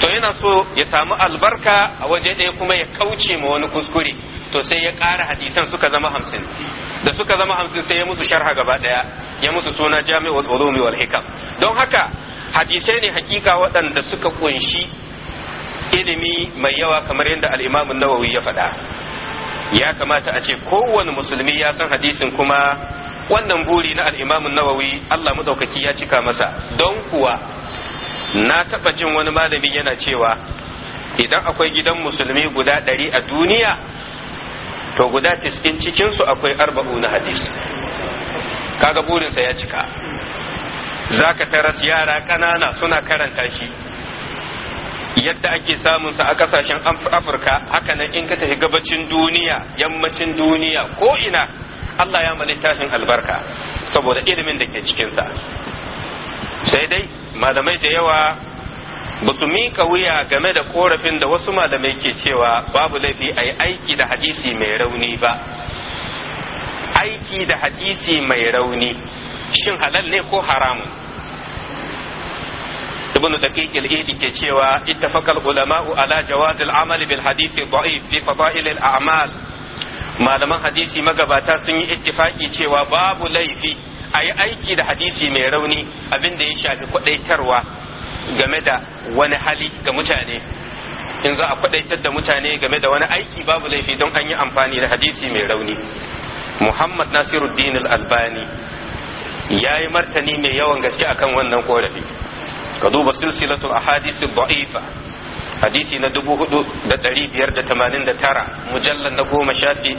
[SPEAKER 1] to yana so ya samu albarka a waje ɗaya kuma ya kauce ma wani kuskure to sai ya ƙara hadisan suka zama hamsin da suka zama hamsin sai ya musu sharha gaba ɗaya ya musu suna jami'u ulumi wal hikam don haka hadisai ne hakika waɗanda suka kunshi ilimi mai yawa kamar yadda al-imam nawawi ya faɗa ya kamata a ce kowane musulmi ya san hadisin kuma wannan buri na al-imam nawawi Allah madaukaki ya cika masa don kuwa na taɓa jin wani malami yana cewa idan akwai gidan musulmi guda ɗari a duniya to guda tis'in cikinsu akwai arba'u na hadis kaga burinsa ya cika za ka taras yara ƙanana suna karanta shi yadda ake samun samunsa a ƙasashen afirka haka nan in ka tafi gabacin duniya yammacin duniya ko ina allah ya littafin albarka saboda ilimin da ke cikinsa sai dai malamai da yawa ba su mika wuya game da korafin da wasu malamai ke cewa babu laifi a aiki da hadisi mai rauni ba aiki da hadisi mai rauni shin halal ne ko haramun ibn daqiq al-idi ke cewa ittafaqa al-ulama'u ala jawaz al-amal bil hadith da'if fi fada'il al-a'mal malaman hadisi magabata sun yi ittifaki cewa babu laifi a yi aiki da hadisi mai rauni abin da ya shafi kwadaitarwa game da wani hali ga mutane in za a kwadaitar da mutane game da wani aiki babu laifi don an yi amfani da hadisi mai rauni muhammad nasiruddin al-albani ya yi martani mai yawan gaske akan wannan korafi ka duba silsilatul ahadisi da'ifa hadisi na dubu hudu da dari biyar da tamanin da tara mujallar na goma shafi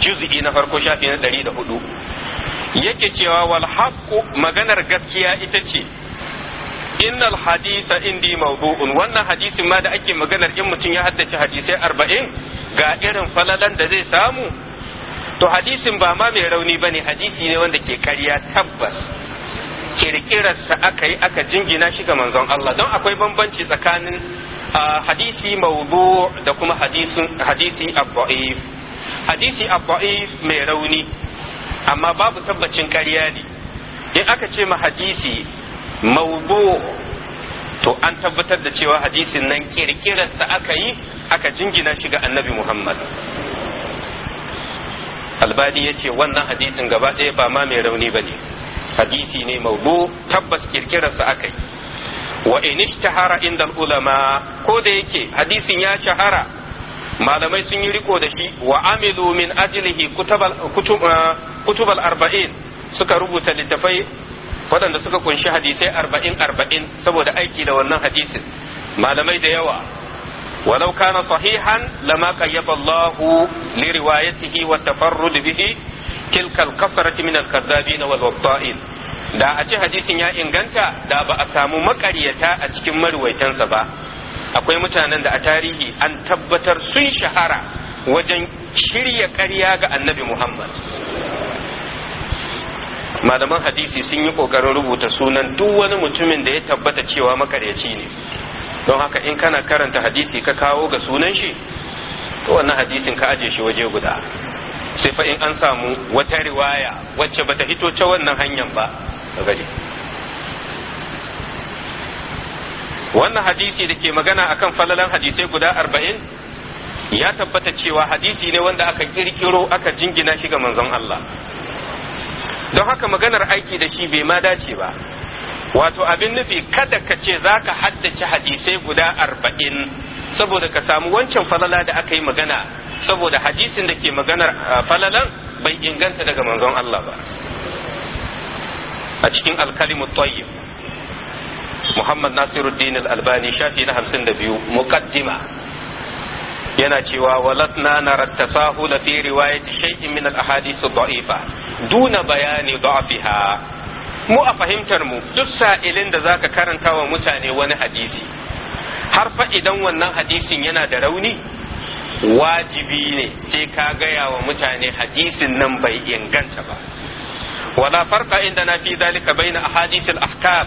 [SPEAKER 1] juz'i na farko shafi na dari da hudu yake cewa wal maganar gaskiya ita ce innal hadisa indi mawdu'un wannan hadisin ma da ake maganar in mutum ya haddace hadisai arba'in ga irin falalan da zai samu to hadisin ba ma mai rauni bane hadisi ne wanda ke karya tabbas kirkirarsa aka yi aka jingina shi ga manzon Allah don akwai bambanci tsakanin hadisi mawdu da kuma hadisi abba'if hadisi abba'if mai rauni amma babu tabbacin ƙarya ne in aka ce ma hadisi mawdu to an tabbatar da cewa hadisin nan kirkirarsa aka yi aka jingina shi ga annabi muhammad albadi ya ce wannan hadisin gaba ɗaya ba ma mai rauni ba ne hadisi ne mawdu tabbas kirkirarsa aka yi wa in ishtahara inda ulama ko da yake hadisin ya shahara malamai sun yi riko da shi wa amilu min ajlihi uh, kutubal arba'in suka rubuta littafai waɗanda suka kunshi hadisai arba'in arba'in saboda aiki da wannan hadisin malamai da yawa ولو كان صحيحا لما li الله لروايته والتفرد به tilkal kasarati min al-kazzabin wal watta'in da a ce hadisin ya inganta da ba a samu makaryata a cikin maruwaitansa ba akwai mutanen da a tarihi an tabbatar sun shahara wajen shirya ƙarya ga annabi muhammad malaman hadisi sun yi ƙoƙarin rubuta sunan duk wani mutumin da ya tabbata cewa makaryaci ne don haka in kana karanta hadisi ka kawo ga sunan shi to wannan hadisin ka aje shi waje guda sai fa in an samu wata riwaya wacce bata hito ta wannan hanyar ba gari wannan hadisi da ke magana akan falalan hadisai guda arba'in ya tabbata cewa hadisi ne wanda aka kirkiro aka jingina shi ga manzon Allah don haka maganar aiki da shi bai ma dace ba wato abin nufi kada ka ce za ka haddace hadisai guda arba'in saboda ka samu wancan falala da aka yi magana saboda hadisin da ke maganar uh, falalan bai inganta daga manzon Allah ba a cikin alkalimu tayyib Muhammad Nasiruddin al-Albani shafi na 52 muqaddima yana cewa walasna nara tasahul fi riwayati shay'in min al-ahadith ad-da'ifa duna bayani da'fiha mu a fahimtar mu duk sa'ilin da zaka karanta wa mutane wani hadisi har fa idan wannan hadisin yana da rauni wajibi ne sai ka gaya wa mutane hadisin nan bai inganta ba wala farqa indana fi dalika baina ahadith al-ahkam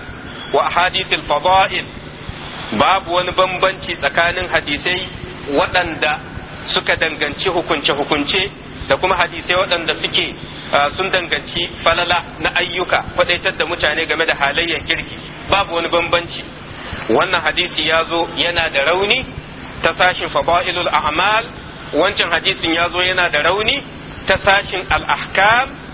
[SPEAKER 1] wa ahadith al-fada'il babu wani bambanci tsakanin hadisai waɗanda suka danganci hukunce-hukunce da kuma hadisai waɗanda suke ah, sun danganci falala na ayyuka faɗaitar da mutane game da halayyar kirki babu wani bambanci wannan hadisi ya zo yana da rauni ta sashin fada'ilul a'mal wancan hadisin ya zo yana da rauni ta sashin al'ahkam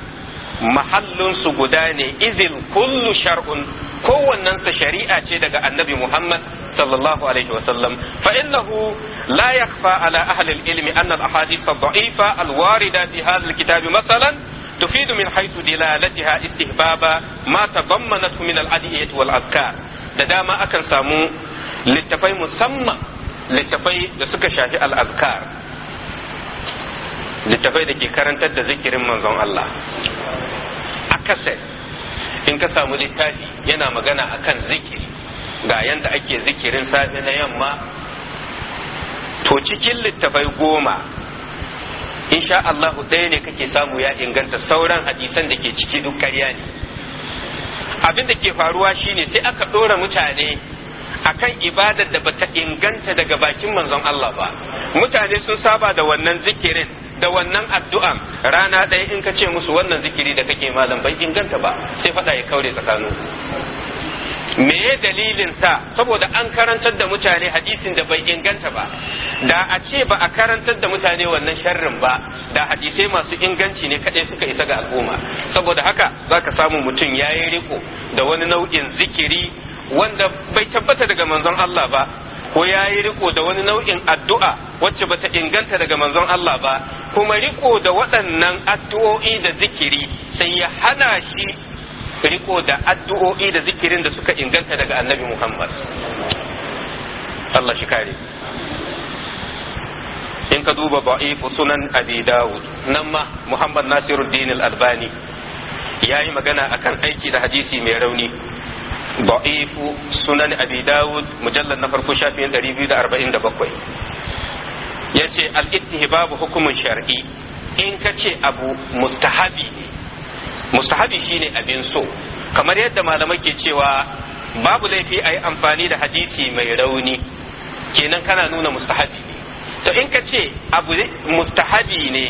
[SPEAKER 1] Mahallinsu guda ne izin kullu shar'un kowannensa shari'a ce daga annabi muhammad sallallahu alaihi wasallam fa innahu لا يخفى على أهل العلم أن الأحاديث الضعيفة alwarida في هذا الكتاب masalan. تفيد من حيث دلالتها استهباب ما da dama akan samu littafai da suka shafi al'azkar littafai dake karantar da zikirin manzon Allah a in ka samu littafi yana magana akan zikiri ga yanda ake zikirin safe na yamma to cikin littafai goma insha Allah ɗaya ne kake samu ya inganta sauran hadisan da ke ciki duk ƙarya ne abin da ke faruwa shine sai aka ɗora mutane akan ibadar da bata inganta daga bakin manzon Allah ba mutane sun saba da wannan zikirin da wannan addu'an rana ɗaya in ka ce musu wannan zikiri da kake malam ban inganta ba sai faɗa ya kaure tsakaninsu meye dalilin sa saboda an karantar da mutane hadisin da bai inganta ba da a ce ba a karantar da mutane wannan sharrin ba da hadisai masu inganci ne kadai suka isa ga al'umma saboda haka zaka samu mutum yayi riko da wani nau'in zikiri wanda bai tabbata daga manzon Allah ba ko ya yi riko da wani nau'in addu'a wacce bata inganta daga manzon Allah ba kuma riko da waɗannan addu'o'i da zikiri sai ya hana shi riko da addu'o'i da zikirin da suka inganta daga annabi Muhammad Allah shi kare in ka duba ba'ifu sunan abi dawud nan ma muhammad nasiruddin al-albani ya yi magana akan aiki da hadisi mai rauni ba'ifu sunan abi dawud mujallar na farko shafin 247 ya ce al istihbab hukumin shar'i in ka ce abu mustahabi mustahabi shine abin so kamar yadda malamai ke cewa babu laifi a yi amfani da hadisi mai rauni kenan kana nuna mustahabi to in ka ce abu mustahabi ne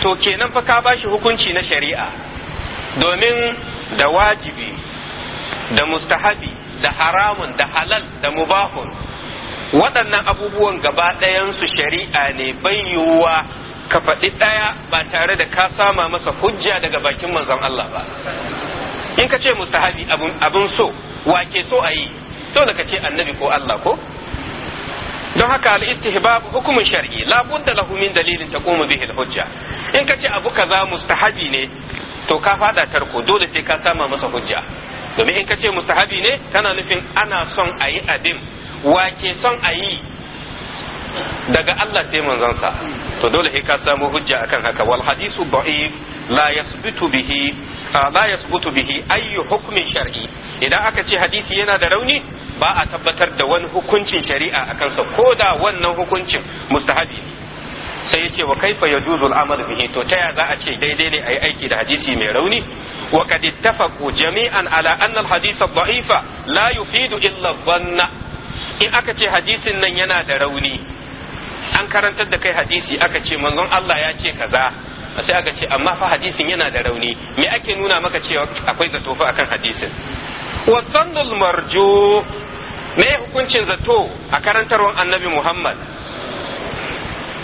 [SPEAKER 1] to kenan fa ka bashi hukunci na shari'a domin da wajibi da mustahabi da haramun da halal da mubahun waɗannan abubuwan gaba su shari'a ne bai yiwuwa ka faɗi ɗaya ba tare da ka sama masa hujja daga bakin manzon Allah ba in ka ce mustahabi abin so wake so a yi dole ka ce annabi ko Allah ko don haka al-istihbab hukumin shar'i la budda lahu min dalilin taqumu bihi al-hujja in ka ce abu kaza mustahabi ne to ka fada tarko dole sai ka sama masa hujja domin in ka ce mustahabi ne kana nufin ana son a ayi abin wake son ayi daga Allah sai sa to dole sai ka samu hujja akan haka wal hadisu da'if la yasbutu bihi la yasbutu bihi ayyu hukmin shar'i idan aka ce hadisi yana da rauni ba a tabbatar da wani hukuncin shari'a akan sa da wannan hukuncin mustahabi sai yace wa kaifa yajuzu al-amal bihi to ta za a ce daidai ne ayi aiki da hadisi mai rauni wa qad ittafaqu jami'an ala anna al-hadith ad-da'ifa la yufidu illa dhanna in aka ce hadisin nan yana da rauni an karantar da kai hadisi aka ce manzon Allah ya ce kaza sai aka ce amma fa hadisin yana da rauni me ake nuna maka cewa akwai zato fa akan hadisin wa marju me hukuncin zato a karantarwar annabi Muhammad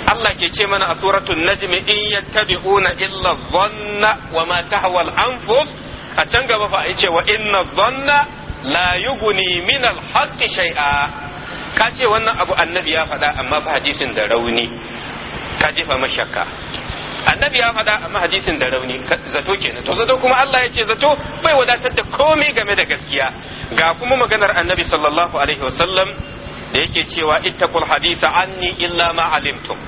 [SPEAKER 1] Allah ke ce mana a suratul Najmi in yattabi'una illa dhanna wa ma tahwa al-anfus a can gaba fa ce wa inna dhanna la yughni min al-haqq shay'a ka ce wannan abu annabi ya faɗa amma ba hadisin da rauni ka jefa mashakka annabi ya faɗa amma hadisin da rauni zato kenan to zato kuma Allah ya ce zato bai wadatar da komai game da gaskiya ga kuma maganar annabi sallallahu alaihi wasallam da yake cewa ittaqul hadisa anni illa ma alimtum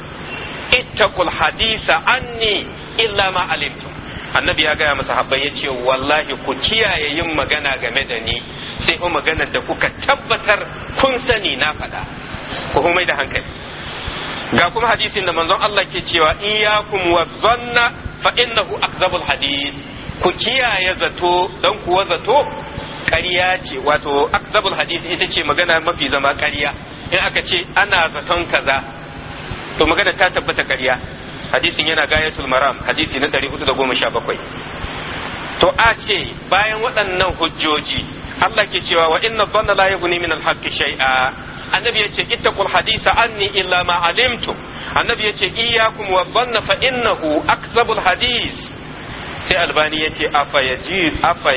[SPEAKER 1] ittaqul hadisa anni illa ma alimtum annabi ya gaya masa habbai ya ce wallahi ku kiyaye yin magana game da ni sai ku maganar da kuka tabbatar kun sani na faɗa ku humai da hankali ga kuma hadisin da manzon Allah ke cewa iyyakum wa dhanna fa innahu akzabul hadis ku kiyaye zato don kuwa zato ƙarya ce wato akzabul hadisi ita ce magana mafi zama ƙarya in aka ce ana zaton kaza to magana ta tabbata ƙarya hadisin yana gayatul maram hadisi na 417 to a ce bayan waɗannan hujjoji Allah ke cewa wa inna dhanna la yughni min al-haqq shay'a annabi yace ittaqul hadisa anni illa ma alimtu annabi yace iyyakum wa dhanna fa innahu akzabul hadis sai albani yace afa ya afa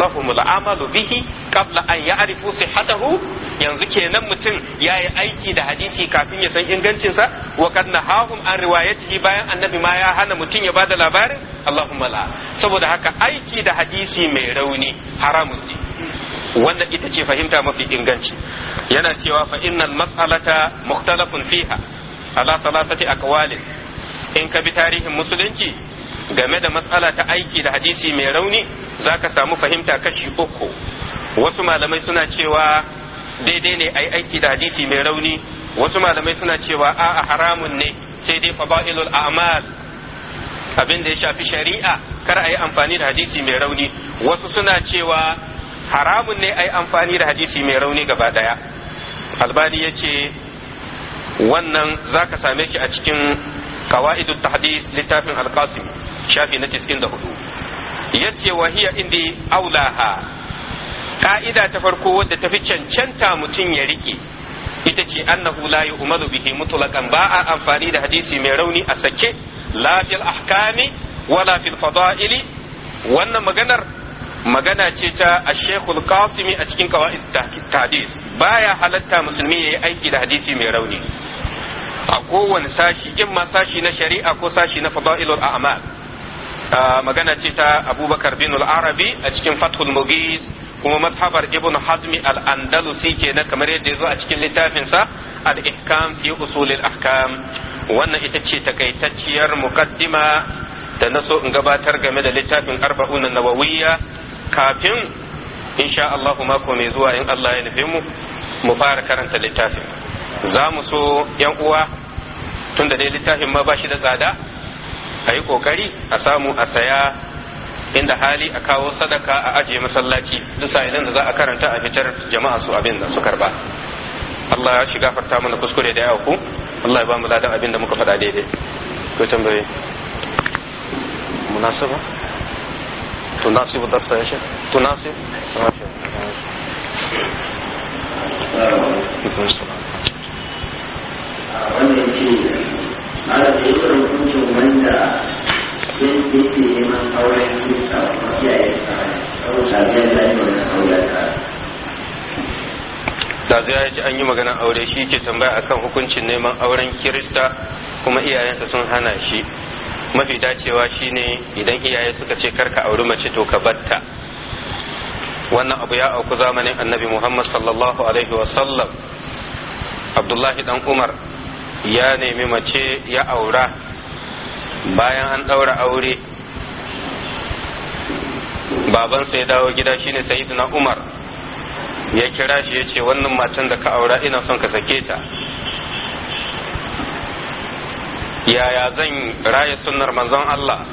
[SPEAKER 1] lahum al'amalu bihi qabla an ya'rifu sihhatahu yanzu kenan mutum yayi aiki da hadisi kafin ya san ingancin sa wa kad nahahum an riwayatihi bayan annabi ma ya hana mutum ya bada labarin Allahumma la saboda haka aiki da hadisi mai rauni haramun ne wanda ita ce fahimta mafi inganci yana cewa fa innal mas'alata mukhtalafun fiha ala salasati aqwalin in ka bi tarihin musulunci game da matsala ta aiki da hadisi mai rauni za ka samu fahimta kashi uku wasu malamai suna cewa daidai ne ai aiki da hadisi mai rauni wasu malamai suna cewa a'a haramun ne sai dai fada'ilul a'mal abin da ya shafi shari'a kar a yi amfani da hadisi mai rauni wasu suna cewa haramun ne a yi amfani da hadisi mai rauni gaba daya albani ya ce wannan za ka same shi a cikin qawaidut tahdith littafin al shafi na 94 yace wa inda indi aulaha ka'ida ta farko wadda ta fi cancanta mutum ya riƙe ita ce annahu la yu'malu bihi mutlaqan ba amfani da hadisi mai rauni a sake la fil ahkami wala fil fada'ili wannan maganar magana ce ta a Al-Qasimi a cikin qawaid tahdith baya halatta musulmi yayi aiki da hadisi mai rauni a kowane sashi in ma sashi na shari'a ko sashi na fada'ilul a'mal magana ce ta abubakar bin al-arabi a cikin fathul mughis kuma mazhabar ibn hazmi al-andalusi kenan kamar yadda ya zo a cikin littafinsa al-ihkam fi usulil ahkam wannan ita ce takaitacciyar muqaddima da na so in gabatar game da littafin arba'un nawawiyya kafin insha Allah mako mai zuwa in Allah ya nufi mu mu fara karanta littafin za mu so yan uwa tun da dai littafin ma ba shi da tsada a yi ƙoƙari a samu a saya inda hali a kawo sadaka a ajiye masallaci duk sa'ilin da za a karanta a fitar jama'a su abin da su karba Allah ya shiga farta mana kuskure da yawa ku Allah ya ba mu ladan abin da muka faɗa daidai ko tambaye munasaba tunasibu da ya shi tunasibu tunasibu wanda ya ce mara da ya kira hukuncin wanda ya ce ke neman auren kirista kuma iyaye sa saboda ya ji an yi magana aure ta Dazu ya ji an yi magana aure shi ke tambaya akan hukuncin neman auren kirista kuma iyayensa sun hana shi mafi dacewa shine idan iyaye suka ce karka auri mace to ka batta wannan abu ya auku zamanin annabi muhammad sallallahu alaihi wasallam abdullahi dan umar ya nemi mace ya aura bayan an ɗaura aure babansa ya dawo gida shine sayyidina umar ya kira shi ya ce wannan matan da ka aura ina son ka sake ta yaya zan raya sunnar manzon Allah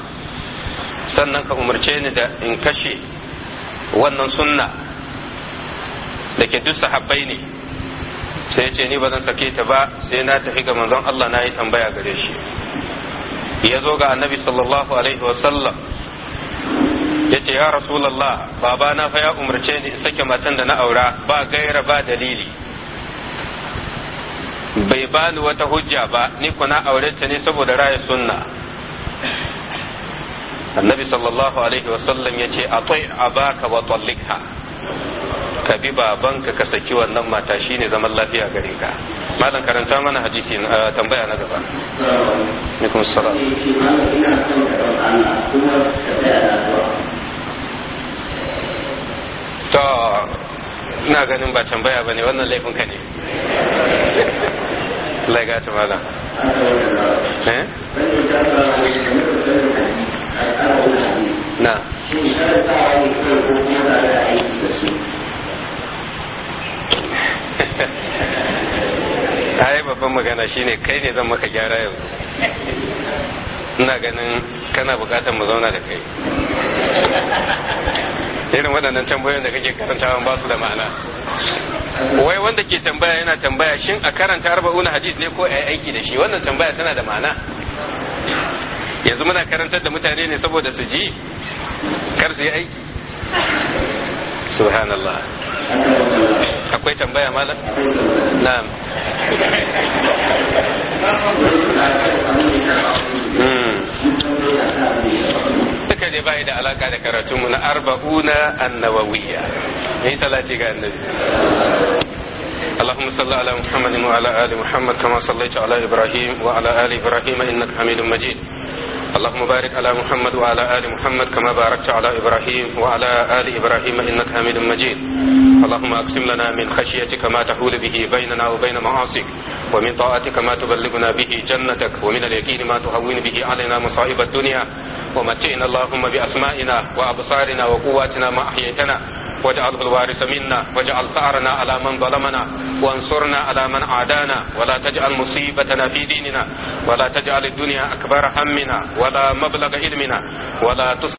[SPEAKER 1] sannan ka umarce ni da in kashe wannan sunna da ke duk sahabbai ne sai ce ni ba zan sake ta ba sai na tafi ga manzon Allah na yi tambaya gare shi ya zo ga annabi sallallahu alaihi wa sallam ya ce ya rasulallah baba na fa ya umarce ni in sake matan da na aura ba gaira ba dalili bai bani wata hujja ba ni kuna aure ta ne saboda raya sunna annabi sallallahu alaihi wa sallam ya ce a abaka wa tallikha ka bi baban ka saki wannan mata ne zaman lafiya gare ka malam karanta mana hadisi eh, tambaya na gaba alaikum salam eh, to ina ganin ba tambaya ba ne wannan laifin ka ne lagata ya malam eh na babban magana shine kai ne zan maka gyara yanzu ina ganin kana bukatar mu zauna da kai irin waɗannan tambayoyin da kake karantawa ba su da ma'ana wai wanda ke tambaya yana tambaya shin a karanta arba'una hadis ne ko a yi aiki da shi wannan tambaya tana da ma'ana yanzu muna karantar da mutane ne saboda su ji kar su yi aiki subhanallah akwai tambaya malam na'am hmm. duka ne bai da alaka da karatu mu na arba'una annawawiyya ne salati ga annabi اللهم صل على محمد وعلى ال محمد كما صليت على ابراهيم وعلى ال ابراهيم انك حميد مجيد اللهم بارك على محمد وعلى آل محمد كما باركت على إبراهيم وعلى آل إبراهيم إنك حميد مجيد اللهم أقسم لنا من خشيتك ما تحول به بيننا وبين معاصيك ومن طاعتك ما تبلغنا به جنتك ومن اليقين ما تهون به علينا مصائب الدنيا ومتعنا اللهم بأسمائنا وأبصارنا وقواتنا ما أحييتنا واجعله الوارث منا واجعل ثأرنا على من ظلمنا وانصرنا على من عادانا ولا تجعل مصيبتنا في ديننا ولا تجعل الدنيا أكبر همنا ولا مبلغ علمنا ولا